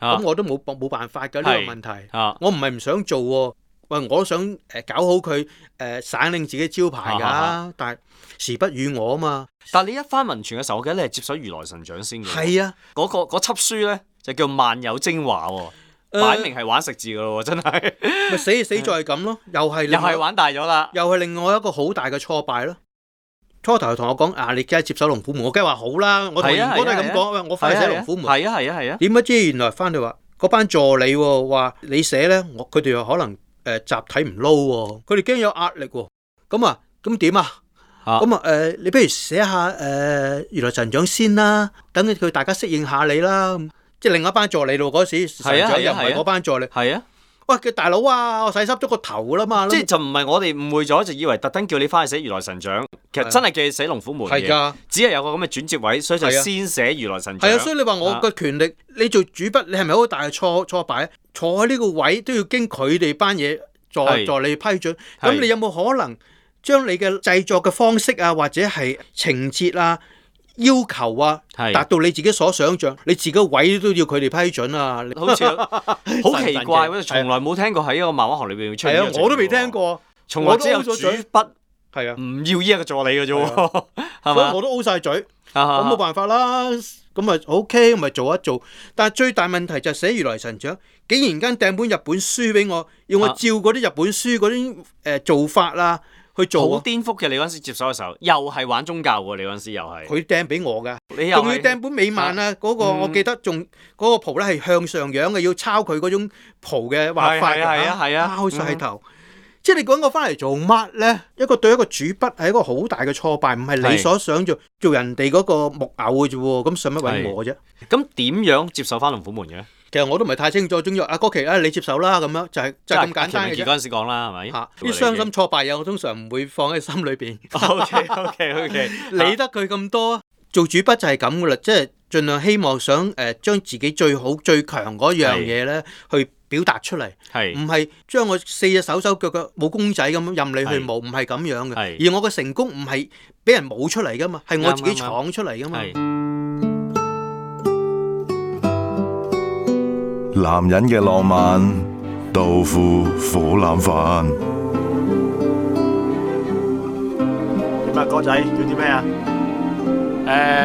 咁、啊、我都冇冇辦法㗎呢個問題，我唔係唔想做喎，喂，我都想誒搞好佢誒、呃、省靚自己招牌㗎，啊啊啊、但係時不與我啊嘛。但係你一返文傳嘅時候，我記得你係接手如來神掌先嘅？係啊，嗰、那個嗰輯書咧就叫萬有精華喎，擺、呃、明係玩食字㗎咯，真係咪、呃、 (laughs) 死死在咁咯？又係又係玩大咗啦，又係另外一個好大嘅挫敗咯。初頭同我講啊，你梗係接手龍虎門，我梗係話好啦。我同嚴哥都係咁講，我快寫龍虎門。係啊係啊係啊。點不知原來翻到話嗰班助理，話你寫咧，我佢哋又可能誒集體唔撈，佢哋驚有壓力。咁啊，咁點啊？咁啊，誒，你不如寫下誒原來神長先啦，等佢大家適應下你啦。即係另一班助理咯，嗰時神長又唔係嗰班助理。係啊。喂，叫大佬啊，我洗濕咗個頭啦嘛，即係就唔係我哋誤會咗，就以為特登叫你翻去寫《如來神掌》，其實真係叫你寫龍虎門係㗎，的只係有，有個咁嘅轉接位，所以就先寫《如來神掌》。係啊，所以你話我嘅權力，你做主筆，你係咪好大嘅挫挫敗？坐喺呢個位都要經佢哋班嘢助助的你批准，咁你有冇可能將你嘅製作嘅方式啊，或者係情節啊？要求啊，達到你自己所想像，你自己位都要佢哋批准啊！好似好 (laughs) 奇怪，我 (laughs) 從來冇聽過喺個漫畫行裏邊出現。係啊，我都未聽過，從來只有主筆係主筆 啊，唔要依一個助理嘅啫，係嘛？我都 O 晒嘴，我冇辦法啦。咁啊，OK，咪做一做。但係最大問題就係寫《如來神掌》，竟然間訂本日本書俾我，要我照嗰啲日本書嗰啲誒做法啦、啊。去做好、啊、顛覆嘅，李安陣接手嘅時候，又係玩宗教喎。你嗰陣又係佢掟俾我嘅，仲要掟本美漫啊！嗰的個我記得仲嗰、嗰個蒲咧係向上仰嘅，要抄佢嗰種蒲嘅畫法嘅，包上頭。即係你講我翻嚟做乜咧？一個對一個主筆係一個好大嘅挫敗，唔係你所想做的做人哋嗰個木偶嘅啫。咁上乜揾我啫？咁點樣接受翻龍虎門嘅？其實我都唔係太清楚，中約阿郭麒咧，你接手啦咁樣，就係就係咁簡單嘅嘢。嗰陣時講啦，係咪？吓，啲傷心挫敗嘢，我通常唔會放喺心裏邊。O K O K O K，理得佢咁多啊？做主筆就係咁噶啦，即係盡量希望想誒，將自己最好最強嗰樣嘢咧，去表達出嚟。係唔係將我四隻手手腳腳冇公仔咁樣任你去舞？唔係咁樣嘅。係而我嘅成功唔係俾人舞出嚟噶嘛，係我自己闖出嚟噶嘛。男人嘅浪漫，豆腐火腩飯。點啊，哥仔要啲咩啊？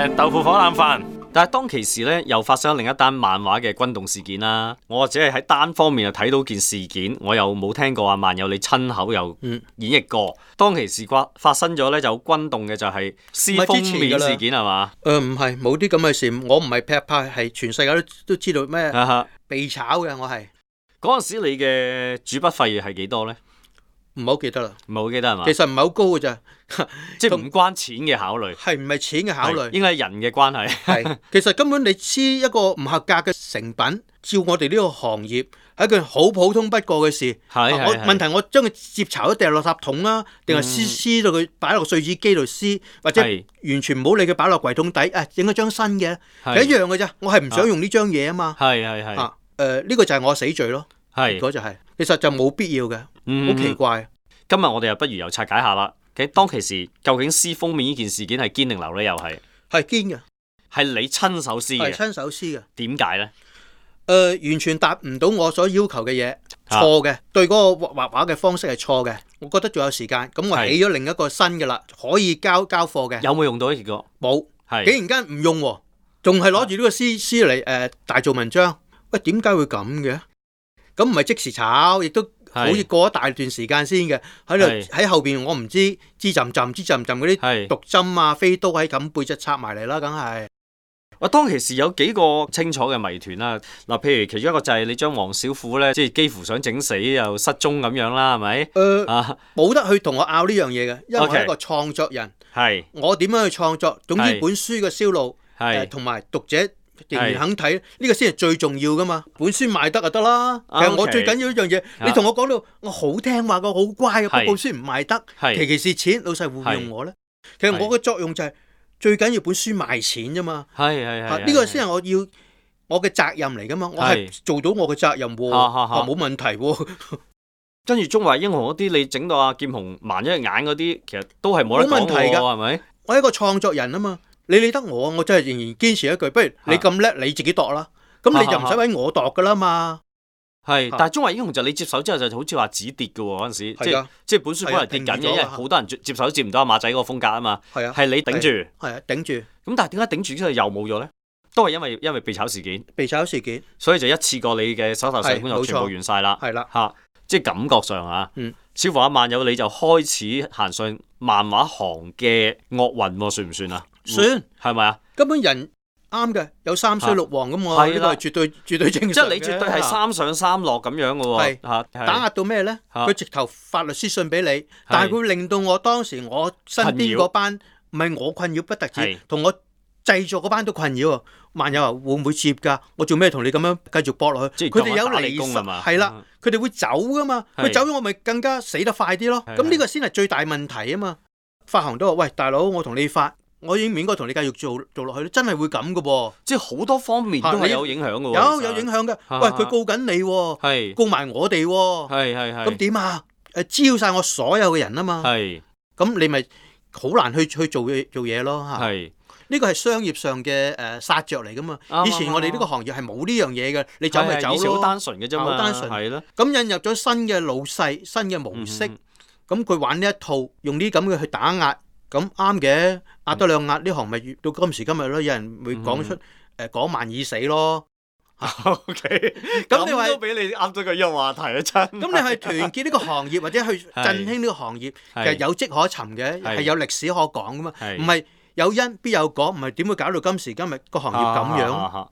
誒，豆腐火腩飯。但係當其時咧，又發生另一單漫畫嘅轟動事件啦、啊。我只係喺單方面啊睇到件事件，我又冇聽過啊漫友你親口又演繹過。嗯、當其時啩發生咗咧，就轟動嘅就係撕封面事件係嘛？誒唔係，冇啲咁嘅事，我唔係劈派，係全世界都都知道咩？被炒嘅我係。嗰陣時你嘅主筆費係幾多呢？唔好記得啦，冇記得係嘛？其實唔係好高嘅咋，即係唔關錢嘅考慮，係唔係錢嘅考慮，應該係人嘅關係。係其實根本你黐一個唔合格嘅成品，照我哋呢個行業係一件好普通不過嘅事。係係係。問題我將佢接查咗掉落垃圾桶啦，定係撕撕到佢擺落碎紙機度撕，或者完全冇理佢擺落櫃桶底。誒，影咗張新嘅係一樣嘅啫。我係唔想用呢張嘢啊嘛。係係係。啊呢個就係我死罪咯。係嗰就係，其實就冇必要嘅，好奇怪。今日我哋又不如又拆解下啦。當其時，究竟撕封面呢件事件係堅定流呢？又係係堅嘅，係你親手撕嘅，親手撕嘅。點解呢？誒，完全達唔到我所要求嘅嘢，錯嘅，對嗰個畫畫嘅方式係錯嘅。我覺得仲有時間，咁我起咗另一個新嘅啦，可以交交貨嘅。有冇用到呢？結果冇，係竟然間唔用，仲係攞住呢個撕撕嚟誒，大做文章。喂，點解會咁嘅？咁唔係即時炒，亦都好似過一大段時間先嘅，喺度喺後邊，我唔知支針針、支針針嗰啲毒針啊、飛刀喺咁背脊插埋嚟啦，梗係。哇！當其時有幾個清楚嘅迷團啦，嗱，譬如其中一個就係你將黃小虎呢，即係幾乎想整死又失蹤咁樣啦，係咪？誒，冇得去同我拗呢樣嘢嘅，因為我係一個創作人，係我點樣去創作，總之本書嘅銷路，係同埋讀者。仍然肯睇呢個先係最重要噶嘛？本書賣得就得啦。其實我最緊要一樣嘢，你同我講到我好聽話，我好乖嘅，本書唔賣得，其其是錢，老細糊弄我咧。其實我嘅作用就係最緊要本書賣錢啫嘛。係係係，呢個先係我要我嘅責任嚟噶嘛。我係做到我嘅責任，冇問題。跟住《中華英雄》嗰啲，你整到阿劍雄盲咗隻眼嗰啲，其實都係冇得講噶，係咪？我係一個創作人啊嘛。你理得我，我真係仍然堅持一句，不如你咁叻，你自己度啦。咁你就唔使搵我度噶啦嘛。係，但係中華英雄就你接手之後，就好似話止跌嘅喎，嗰陣時，即係即係本書本人跌緊嘅，因為好多人接接手都接唔到阿馬仔個風格啊嘛。係啊，係你頂住。係啊，頂住。咁但係點解頂住之後又冇咗咧？都係因為因為被炒事件。被炒事件。所以就一次過你嘅手頭成本就全部完晒啦。係啦，嚇，即係感覺上啊，似乎漫友你就開始行上漫畫行嘅惡運喎，算唔算啊？算係咪啊？根本人啱嘅，有三衰六旺咁我呢個係絕對絕對正常。即係你絕對係三上三落咁樣嘅喎。係打壓到咩咧？佢直頭發律師信俾你，但係佢令到我當時我身邊嗰班，唔係我困擾不得止，同我製作嗰班都困擾。萬有啊，會唔會接噶？我做咩同你咁樣繼續搏落去？佢哋有離心，係啦，佢哋會走噶嘛？佢走咗，我咪更加死得快啲咯。咁呢個先係最大問題啊嘛！發行都話：喂，大佬，我同你發。我應唔應該同你繼續做做落去咧？真係會咁嘅喎，即係好多方面都係有影響喎。有有影響嘅，喂，佢告緊你喎，告埋我哋喎。係係係。咁點啊？誒，招晒我所有嘅人啊嘛。係。咁你咪好難去去做嘢做嘢咯嚇。係。呢個係商業上嘅誒殺着嚟㗎嘛。以前我哋呢個行業係冇呢樣嘢嘅，你走咪走咯。以前好單純嘅啫。好單純。係咯。咁引入咗新嘅老細、新嘅模式，咁佢玩呢一套，用呢咁嘅去打壓。咁啱嘅，壓多兩壓，呢行咪越到今時今日咯。有人會出、嗯呃、講出誒講萬已死咯。O K，咁你都是俾 (laughs) 你壓咗個呢個話題啊，真。咁你係團結呢個行業，或者去振興呢個行業， (laughs) 是其實有跡可尋嘅，係是有歷史可講噶嘛。唔係是有因必有果，唔係點會搞到今時今日個行業咁樣、啊啊啊？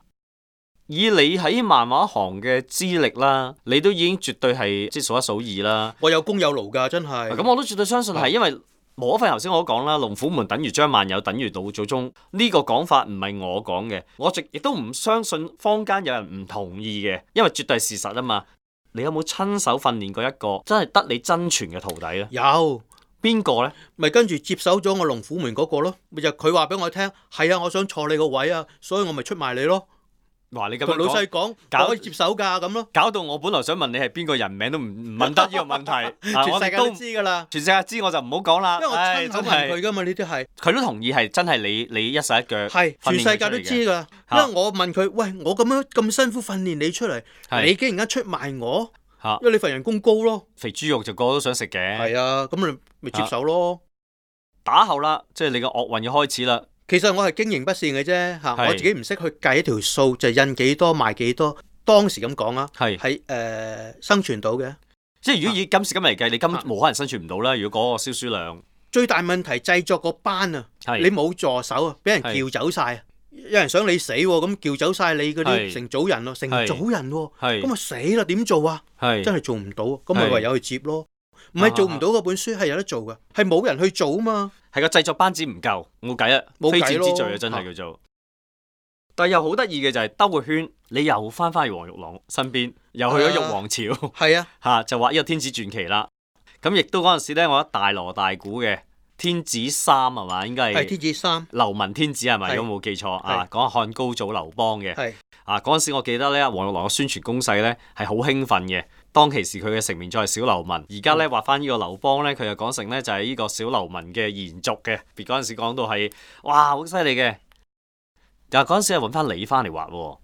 以你喺漫畫行嘅資歷啦，你都已經絕對係即數一數二啦。我有功有勞㗎，真係。咁我都絕對相信係因為。冇嗰份，頭先我都講啦，龍虎門等於張萬友等於老祖宗呢個講法唔係我講嘅，我亦都唔相信坊間有人唔同意嘅，因為絕對係事實啊嘛。你有冇親手訓練過一個真係得你真傳嘅徒弟咧？有邊個咧？咪呢跟住接手咗我龍虎門嗰個咯，咪就佢話俾我聽，係啊，我想坐你個位啊，所以我咪出賣你咯。話你咁樣講，老細講，攞接手㗎咁咯，搞到我本來想問你係邊個人名都唔唔問得呢個問題，全世界都知㗎啦，全世界知我就唔好講啦，因為我親口問佢㗎嘛，呢啲係佢都同意係真係你你一手一腳，係全世界都知㗎，因為我問佢喂，我咁樣咁辛苦訓練你出嚟，你竟然間出賣我，因為你份人工高咯，肥豬肉就個個都想食嘅，係啊，咁咪咪接手咯，打後啦，即係你嘅惡運要開始啦。其實我係經營不善嘅啫，吓我自己唔識去計一條數，就印幾多賣幾多，當時咁講啊，係喺誒生存到嘅。即係如果以今時今日嚟計，你今冇可能生存唔到啦。如果嗰個銷書量，最大問題製作個班啊，你冇助手啊，俾人撬走晒，有人想你死咁撬走晒你嗰啲成組人咯，成組人，咁啊死啦，點做啊？真係做唔到，咁咪唯有去接咯。唔係做唔到，嗰本書係有得做嘅，係冇人去做啊嘛。係個製作班子唔夠，冇計啊，非戰之罪啊，的真係叫做。但係又好得意嘅就係兜個圈，你又翻翻去黃玉郎身邊，又去咗《玉皇朝》。係啊，吓、 (laughs) 啊、就話依個《天子傳奇》啦。咁亦都嗰陣時咧，我覺得大鑼大鼓嘅《天子三》係嘛？應該係。係《天子三》。《劉文天子》係咪？是如果冇記錯是啊，講下漢高祖劉邦嘅。是啊，嗰陣是、啊、時我記得咧，黃玉郎嘅宣傳攻勢咧係好興奮嘅。當其時佢嘅成名作係小流民，而家咧畫翻呢個劉邦咧，佢又講成咧就係呢個小流民嘅延續嘅。嗰陣時講到係哇好犀利嘅，但係嗰陣時係搵翻你翻嚟，畫喎，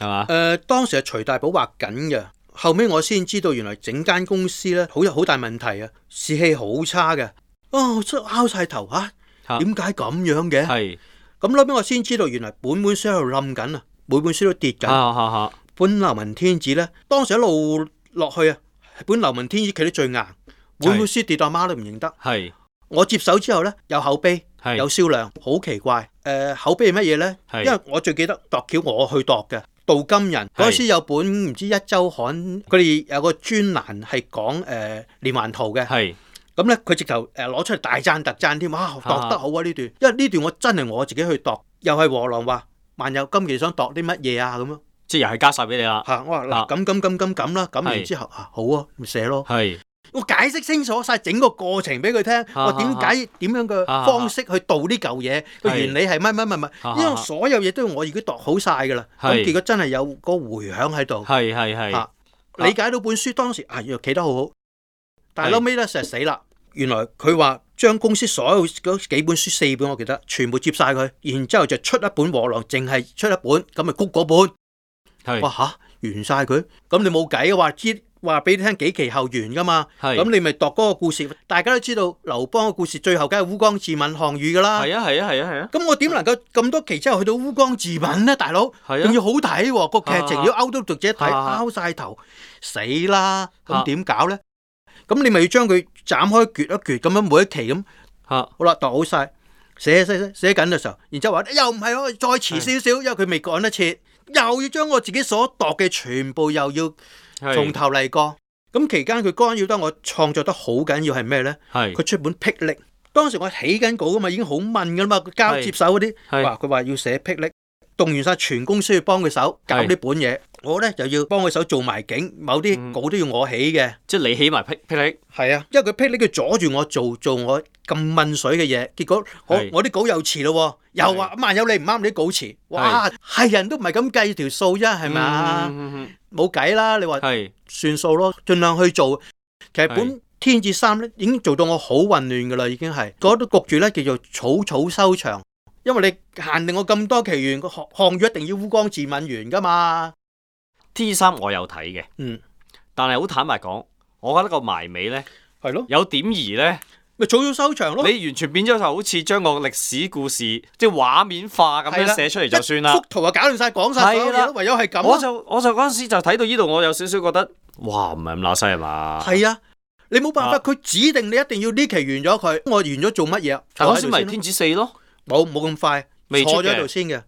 係嘛？誒、呃，當時係徐大寶畫緊嘅，後尾我先知道原來整間公司咧好有好大問題啊，士氣好差嘅。哦、啊，拗晒頭啊？點解咁樣嘅？係咁是後尾我先知道原來本本書喺度冧緊啊，每本書都跌緊。本、本流民天子咧，當時一路落去啊！本《流雲天意》企得最硬，本本書跌到阿媽都唔認得。係是我接手之後咧，有口碑，是有銷量，好奇怪。誒、呃，口碑係乜嘢咧？是因為我最記得度橋，我去度嘅杜金人嗰陣是時有本唔知一周刊，佢哋有個專欄係講誒《連環圖》嘅是。係咁咧，佢直頭誒攞出嚟大讚特讚添，哇！度得好啊！呢段，因為呢段我真係我自己去度，又係和狼話萬有今期想度啲乜嘢啊咁咯。即係又係加晒俾你啦，吓，我話嗱咁咁咁咁咁啦，咁然之後啊，好啊，咪寫咯，係我解釋清楚晒整個過程俾佢聽，我點解點樣嘅方式去度呢舊嘢，個原理係乜乜乜乜，因為所有嘢都我已經度好晒噶啦，咁結果真係有個回響喺度，係係係，理解到本書當時啊，又企得好好，但係後屘咧成日死啦，原來佢話將公司所有嗰幾本書四本我記得全部接晒佢，然之後就出一本《臥龍》，淨係出一本咁咪谷嗰本。哇嚇完曬佢，咁你冇計嘅話，知話俾你聽幾期後完噶嘛？咁你咪讀嗰個故事。大家都知道劉邦嘅故事最後梗係烏江自刎項羽噶啦。係啊係啊係啊！咁我點能夠咁多期之後去到烏江自刎咧，大佬？係啊！仲要好睇喎個劇情，要勾到讀者睇，拋曬頭死啦！咁點搞咧？咁你咪要將佢斬開撅一撅咁樣每一期咁。嚇好啦，讀好曬寫寫寫緊嘅時候，然之後話又唔係喎，再遲少少，因為佢未趕得切。又要將我自己所度嘅全部又要從頭嚟過，咁是期間佢干擾得我創作得好緊要係咩呢？係佢是出本霹靂，當時我起緊稿吖嘛，已經好悶噶啦嘛，佢交接手嗰啲，話佢話要寫霹靂。.動完晒全公司要幫佢手搞呢本嘢，我咧又要幫佢手做埋景，某啲稿都要我起嘅。即係你起埋批批你，係啊，因為佢批你，佢阻住我做做我咁悶水嘅嘢，結果我我啲稿又遲咯，又話萬有你唔啱啲稿遲，哇，係人都唔係咁計條數啫，係咪啊？冇計啦，你話算數咯，盡量去做。其實本天字三咧已經做到我好混亂噶啦，已經係嗰度焗住咧，叫做草草收場。因為你限定我咁多期完個項項羽一定要烏江自刎完噶嘛？T 三我有睇嘅，嗯，但係好坦白講，我覺得個埋尾咧係咯，的有點兒咧咪早早收場咯，你完全變咗就好似將個歷史故事即係畫面化咁樣寫出嚟就算啦，幅圖就搞亂晒講晒咗，有的唯有係咁。我就我就嗰陣時就睇到呢度，我有少少覺得哇，唔係咁垃圾係嘛？係啊，你冇辦法，佢、啊、指定你一定要呢期完咗佢，我完咗做乜嘢？嗰陣時咪天子四》咯。冇冇咁快，坐咗喺度先嘅。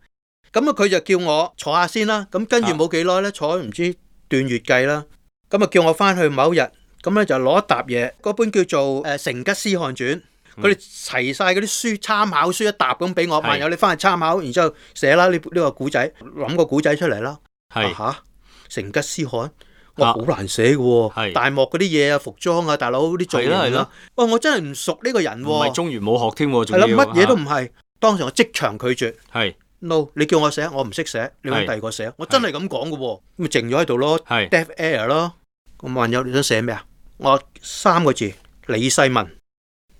咁啊，佢就叫我坐下先啦。咁跟住冇幾耐咧，坐唔知段月計啦。咁啊，叫我翻去某日，咁咧就攞一疊嘢，嗰本叫做《誒成吉思汗傳》，佢哋齊曬嗰啲書參考書一疊咁俾我。萬有你翻去參考，然之後寫啦呢呢個古仔，諗個古仔出嚟啦。嚇！成吉思汗，我好難寫㗎喎。大漠嗰啲嘢啊，服裝啊，大佬啲做啦。係啦係啦。哇！我真係唔熟呢個人喎。唔係中原武學添喎，仲要乜嘢都唔係。當時我即場拒絕。係，no，你叫我寫，我唔識寫，你揾第二個寫。我真係咁講嘅喎，咪靜咗喺度咯。係，dead air 咯。咁還有你想寫咩啊？我三個字李世民，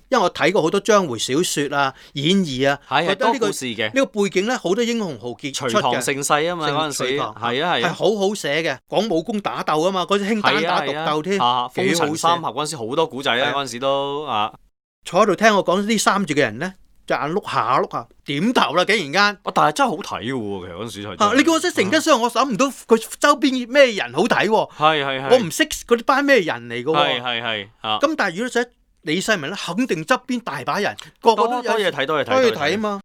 因為我睇過好多章回小說啊、演義啊，覺得呢個背景咧好多英雄豪傑出嘅隋唐盛世啊嘛。嗰陣時係啊係，係好好寫嘅，講武功打鬥啊嘛，嗰啲兄弟單打獨鬥添。嚇，風塵三俠嗰陣時好多古仔啊，嗰陣時都啊，坐喺度聽我講呢三字嘅人咧。隻眼碌下碌下，點頭啦！竟然間，但係真係好睇喎，其實嗰陣時你叫我即成吉思汗，我諗唔到佢周邊咩人好睇喎。我唔識嗰啲班咩人嚟嘅喎。咁但係如果寫李世民咧，肯定側邊大把人，個個都有。多嘢睇，多嘢睇。睇啊嘛！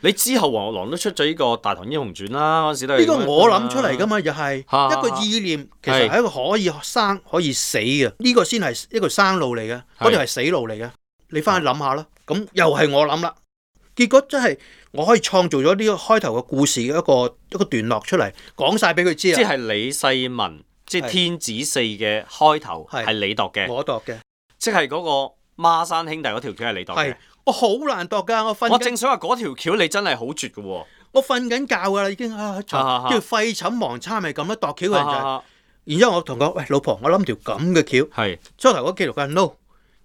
你之後黃玉郎都出咗呢個《大唐英雄傳》啦，嗰陣時都。呢個我諗出嚟㗎嘛，又係一個意念，其實係一個可以生可以死嘅。呢個先係一個生路嚟嘅，嗰條係死路嚟嘅。你翻去諗下啦。咁又係我諗啦。結果真係，我可以創造咗呢個開頭嘅故事嘅一個一個段落出嚟，講晒俾佢知啊！即係李世民，即係天子四嘅開頭，係你度嘅，我度嘅，即係嗰個孖山兄弟嗰條橋係你度嘅。我好難度噶，我瞓我正想話，嗰條橋你真係好絕噶，我瞓緊覺噶啦已經啊，啊啊啊叫廢寢忘餐咪咁樣，度橋嘅人就係。啊啊啊、然之後我同佢喂，老婆，我諗條咁嘅橋，係是初頭嗰記錄嘅 no。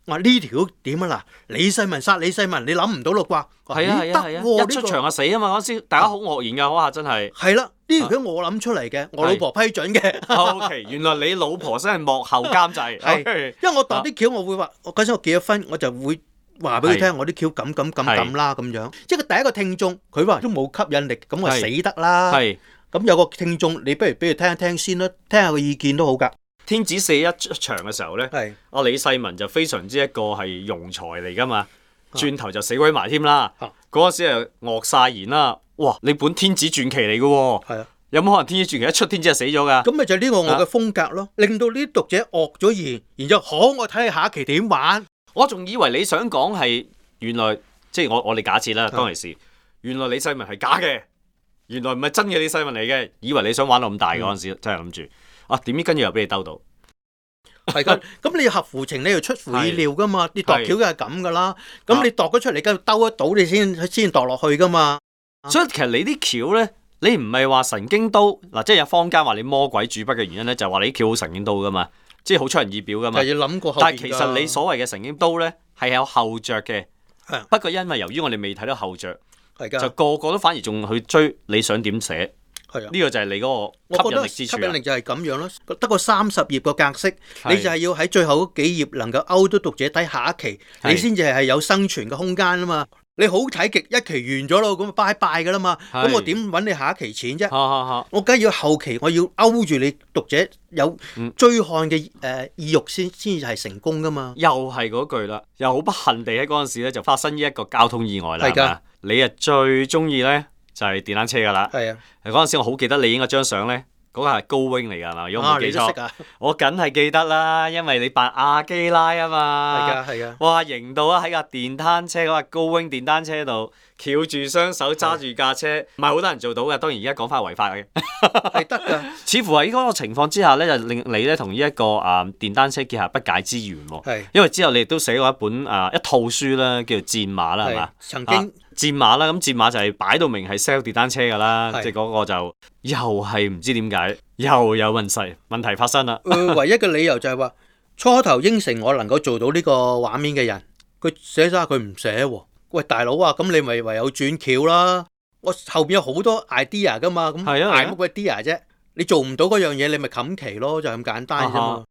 我呢條點啊嗱，李世民殺李世民，你諗唔到咯啩？係啊係啊係啊！得我出場就死啊嘛！嗰陣時大家好愕然噶，嗰下真係。係啦，呢條我諗出嚟嘅，我老婆批准嘅。O K，原來你老婆真係幕後監製。係，因為我度啲橋，我會話，我嗰陣時我結咗婚，我就會話俾佢聽，我啲橋咁咁咁咁啦咁樣。即係佢第一個聽眾，佢話都冇吸引力，咁我死得啦。係。咁有個聽眾，你不如，俾佢聽一聽先啦，聽下個意見都好㗎。天子死一場嘅時候呢，阿是李世民就非常之一個係庸才嚟㗎嘛，是轉頭就死鬼埋添啦。嗰陣是時啊，惡曬言啦，哇！你本天子傳奇嚟嘅喎，啊、有冇可能天子傳奇一出天子就死咗㗎？咁咪就呢個我嘅風格咯，令到呢啲讀者惡咗言，然之後好，我睇下下一期點玩？我仲以為你想講係原來即係我我哋假設啦，啊、當其時，原來李世民係假嘅，原來唔係真嘅李世民嚟嘅。以為你想玩到咁大嗰陣時是、嗯真，真係諗住。啊！點知跟住又俾你兜到？係 (laughs) 噶，咁你合乎情理，你又出乎意料噶嘛？你度橋梗係咁噶啦，咁的你度咗出嚟，跟住兜得到你先先度落去噶嘛？所以其實你啲橋咧，你唔係話神經刀嗱、啊，即係有坊間話你魔鬼主筆嘅原因咧，就係話你啲橋好神經刀噶嘛，即係好出人意表噶嘛。但係其實你所謂嘅神經刀咧係有後着嘅，的不過因為由於我哋未睇到後着，的就個個都反而仲去追你想點寫。係啊，呢個就係你嗰個吸引力之處，我覺得吸引力就係咁樣啦，得個三十頁個格式，是 你就係要喺最後嗰幾頁能夠勾到讀者睇下一期，是 你先至係有生存嘅空間啊嘛。是的 你好睇極一期完咗咯，咁拜拜噶啦嘛，咁是的 我點搵你下一期錢啫？好好好，我梗係要後期，我要勾住你讀者有追看嘅誒意欲先，先至係成功噶嘛又。又係嗰句啦，又好不幸地喺嗰陣時咧就發生呢一個交通意外啦。係噶是的，你啊最中意咧。就係電單車噶啦，係啊的！嗰陣時我好記得你影嗰張相呢，嗰、那個係高 wing 嚟噶嘛？如果唔記、啊啊、記錯，我梗係記得啦，因為你扮阿基拉啊嘛，係噶係噶，哇！型到啊，喺架電單車嗰架、那個、高 wing 電單車度，翹住雙手揸住架車，唔係好多人做到噶。當然而家講翻係違法嘅，得 (laughs) 噶的。似乎喺嗰個情況之下呢，就令你呢同呢一個啊、嗯、電單車結合不解之緣。係的，因為之後你都寫過一本啊一套書啦，叫做《戰馬》啦，係嘛？曾經。戰馬啦，咁戰馬就係擺到明係 sell 電單車噶啦，是即係嗰個就又係唔知點解又有問題，問題發生啦 (laughs) 、呃。唯一嘅理由就係、是、話初頭應承我能夠做到呢個畫面嘅人，佢寫咗佢唔寫。喂，大佬啊，咁你咪唯有轉橋啦。我後邊有好多 idea 噶嘛，咁 idea 啫，你做唔到嗰樣嘢，你咪冚期咯，就咁簡單啫嘛。啊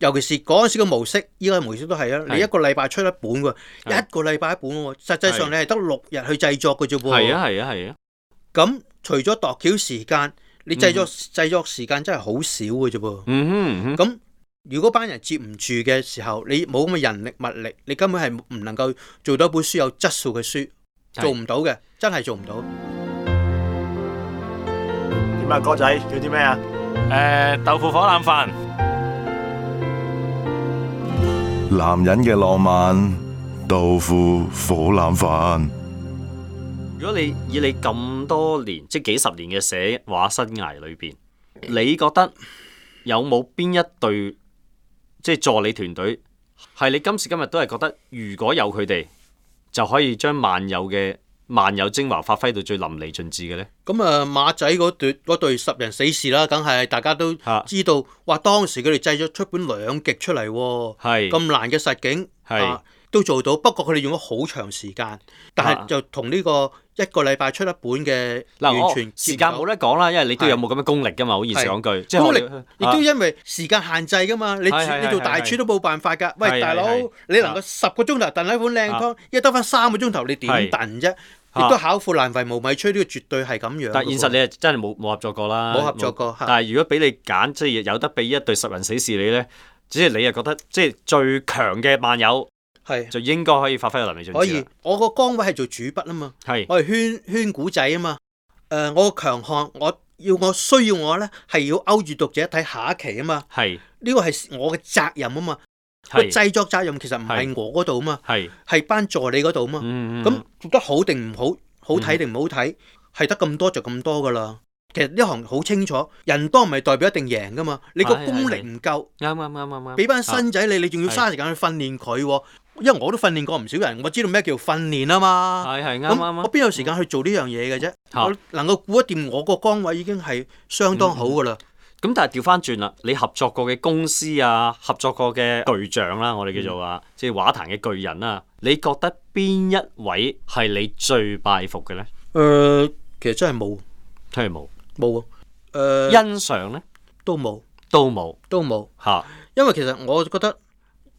尤其是嗰陣時嘅模式，依個嘅模式都係啊。你一個禮拜出一本喎，一個禮拜一本喎。實際上你係得六日去製作嘅啫噃。係啊係啊係啊！咁除咗度橋時間，你製作製作時間真係好少嘅啫噃。嗯哼，咁如果班人接唔住嘅時候，你冇咁嘅人力物力，你根本係唔能夠做到一本書有質素嘅書，做唔到嘅，真係做唔到。點啊，哥仔叫啲咩啊？誒，豆腐火腩飯。男人嘅浪漫，豆腐火腩飯。如果你以你咁多年，即幾十年嘅寫畫生涯裏邊，你覺得有冇邊一隊，即係助理團隊，係你今時今日都係覺得，如果有佢哋，就可以將萬有嘅。萬有精華發揮到最淋漓盡致嘅咧，咁啊馬仔嗰隊嗰隊十人死士啦，梗係大家都知道，話當時佢哋製咗出本兩極出嚟，係咁難嘅實景，係都做到。不過佢哋用咗好長時間，但係就同呢個一個禮拜出一本嘅嗱完全時間冇得講啦。因為你都有冇咁嘅功力噶嘛，好意思講句即係功力，亦都因為時間限制噶嘛。你你做大廚都冇辦法㗎。喂，大佬，你能夠十個鐘頭燉一碗靚湯，而家得翻三個鐘頭，你點燉啫？亦都巧婦難為無米炊，呢、這個絕對係咁樣。但現實你真係冇冇合作過啦。冇合作過。沒但係如果俾你揀，嗯、即係有得俾一對十人死侍你呢，只是，是你係覺得即係最強嘅漫友，係就應該可以發揮個能力。可以，我個崗位係做主筆啊嘛。係是、呃。我係圈圈古仔啊嘛。誒，我個強項，我要我需要我呢係要勾住讀者睇下一期啊嘛。係是。呢個係我嘅責任啊嘛。個製作責任其實唔係我嗰度嘛，係班助理嗰度嘛。咁做得好定唔好，好睇定唔好睇，係得咁多就咁多噶啦。其實呢行好清楚，人多唔係代表一定贏噶嘛。你個功力唔夠，啱啱啱啱，俾班新仔你，你仲要嘥時間去訓練佢喎。因為我都訓練過唔少人，我知道咩叫訓練啊嘛。係係啱啱，我邊有時間去做呢樣嘢嘅啫。我能夠顧掂我個崗位已經係相當好噶啦。咁但係調翻轉啦，你合作過嘅公司啊，合作過嘅巨匠啦，我哋叫做、嗯、即話即係畫壇嘅巨人啦，你覺得邊一位係你最拜服嘅呢？誒、呃，其實真係冇，真係冇，冇啊！誒，欣賞呢都冇，都冇，都冇吓。因為其實我覺得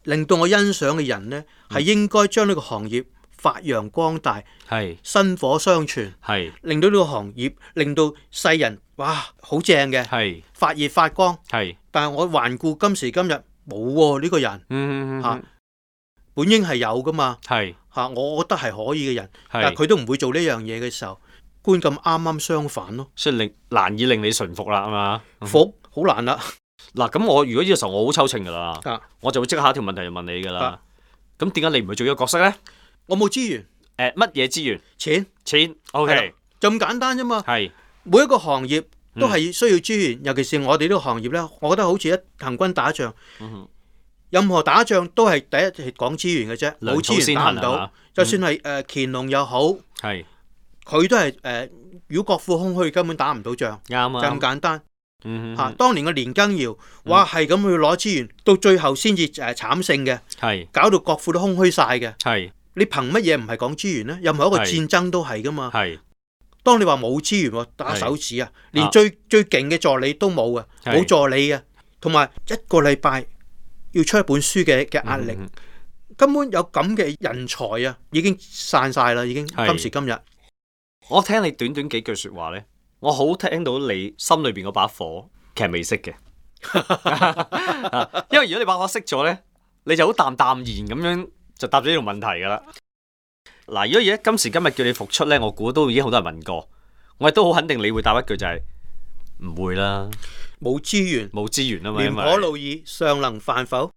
令到我欣賞嘅人呢，係、嗯、應該將呢個行業發揚光大，係薪火相傳，係令到呢個行業，令到世人。哇，好正嘅，係發熱發光，係。但係我環顧今時今日，冇喎呢個人，吓本應係有噶嘛，係吓我覺得係可以嘅人，但係佢都唔會做呢樣嘢嘅時候，觀感啱啱相反咯，所以令難以令你臣服啦，係嘛，服好難啦。嗱，咁我如果呢個時候我好抽情噶啦，我就會即刻下一條問題就問你噶啦。咁點解你唔會做呢個角色咧？我冇資源，誒，乜嘢資源？錢，錢，O K，就咁簡單咋嘛？係。每一個行業都係需要資源，尤其是我哋呢個行業咧。我覺得好似一行軍打仗，任何打仗都係第一係講資源嘅啫，冇資源打唔到。就算係誒乾隆又好，係佢都係誒，如果國庫空虛，根本打唔到仗，就咁簡單。吓，當年嘅年羹堯，哇，係咁去攞資源，到最後先至誒慘勝嘅，係搞到國庫都空虛晒嘅。係你憑乜嘢唔係講資源咧？任何一個戰爭都係噶嘛。當你話冇資源，打手指是最啊，連最最勁嘅助理都冇啊，冇是助理啊，同埋一個禮拜要出一本書嘅嘅壓力，嗯、根本有咁嘅人才啊，已經散晒啦，已經是今時今日。我聽你短短幾句說話咧，我好聽到你心裏邊嗰把火其實未熄嘅。 (laughs) 因為如果你把火熄咗咧，你就好淡淡然咁樣就答咗呢條問題噶啦。嗱，如果而家今時今日叫你復出咧，我估都已經好多人問過，我亦都好肯定你會答一句就係、是、唔會啦。冇資源，冇資源啊嘛。廉頗老矣，尚能飯否？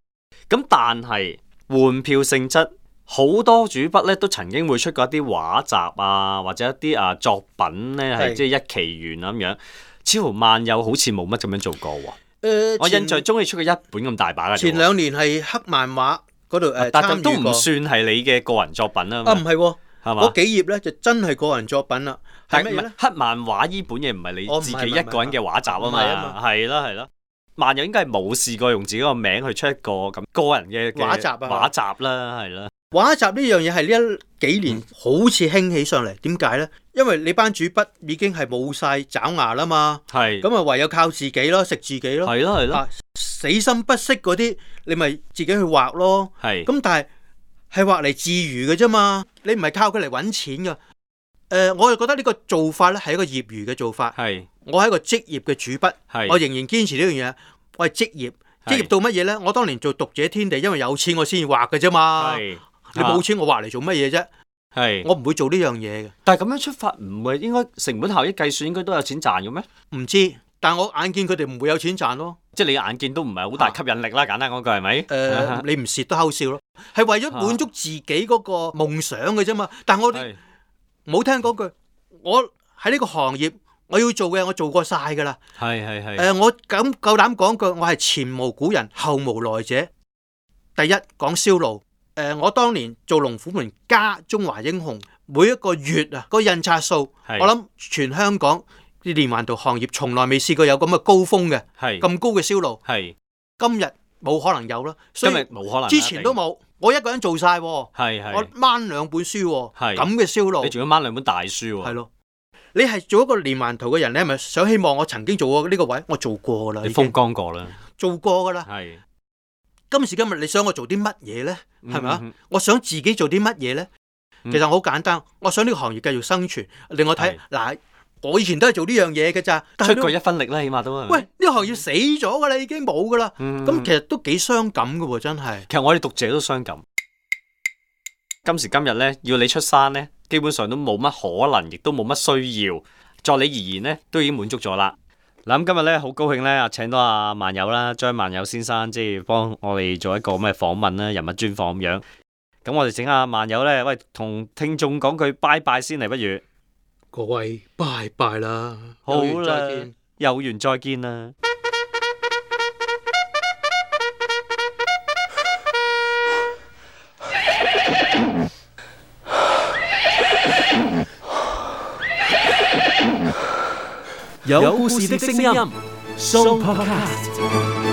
咁但係玩票性質，好多主筆咧都曾經會出過一啲畫集啊，或者一啲啊作品咧係即係一期完咁樣，似乎漫有好似冇乜咁樣做過喎、啊。呃、我印象中意前出過一本咁大把嘅。前兩年係黑漫畫。嗰度，誒，參與過，都唔算係你嘅個人作品啊啊，唔係，嗰幾頁咧就真係個人作品啦。但咩咧？黑漫畫依本嘢唔係你自己一個人嘅畫集啊嘛，係啦係啦。漫友應該係冇試過用自己個名去出一個咁個人嘅畫集畫集啦，係啦。畫集呢樣嘢係呢一幾年好似興起上嚟，點解咧？因為你班主筆已經係冇晒爪牙啦嘛。係。咁啊，唯有靠自己咯，食自己咯。係啦，係啦。死心不息嗰啲，你咪自己去畫咯。係是，咁但係係畫嚟自娛嘅啫嘛，你唔係靠佢嚟搵錢噶。誒、呃，我又覺得呢個做法咧係一個業餘嘅做法。係是，我係一個職業嘅主筆，是我仍然堅持呢樣嘢，我係職業，職業到乜嘢咧？我當年做讀者天地，因為有錢我先至畫嘅啫嘛。係是，你冇錢我畫嚟做乜嘢啫？係是，我唔會做呢樣嘢嘅。但係咁樣出發唔係應該成本效益計算應該都有錢賺嘅咩？唔知。但係我眼見佢哋唔會有錢賺咯，即係你眼見都唔係好大吸引力啦。簡單講句係咪，誒，你唔蝕都偷笑咯，係為咗滿足自己嗰個夢想嘅啫嘛。但係我冇聽講句，我喺呢個行業我要做嘅我做過曬㗎啦。係係係，誒，我咁夠膽講句，我係前無古人後無來者。第一講銷路，誒，我當年做《龍虎門》加《中華英雄》，每一個月啊，個印刷數，我諗全香港啲連環圖行業從來未試過有咁嘅高峰嘅，咁高嘅銷路。係今日冇可能有啦，所以冇可能。之前都冇，我一個人做曬，係係，我掹兩本書，係咁嘅銷路。你仲要掹兩本大書喎？係咯，你係做一個連環圖嘅人，你係咪想希望我曾經做過呢個位，我做過啦，你風光過啦，做過噶啦。係今時今日，你想我做啲乜嘢咧？係咪啊？我想自己做啲乜嘢咧？其實我好簡單，我想呢個行業繼續生存，令我睇嗱。我以前都係做呢樣嘢嘅咋，但係出過一分力咧，起碼都。喂，呢行要死咗噶啦，你已經冇噶啦，咁其實都幾傷感噶喎，真係。其實我哋讀者都傷感。今時今日咧，要你出山咧，基本上都冇乜可能，亦都冇乜需要，作你而言咧，都已經滿足咗啦。嗱，咁今日咧好高興咧，請到阿萬友啦，張萬友先生，即係幫我哋做一個咩訪問啦，人物專訪咁樣。咁我哋請阿萬友咧，喂，同聽眾講句拜拜先嚟不如。各位拜拜啦，好啦，有緣再見啦。有故事的聲音，SoundPodcast。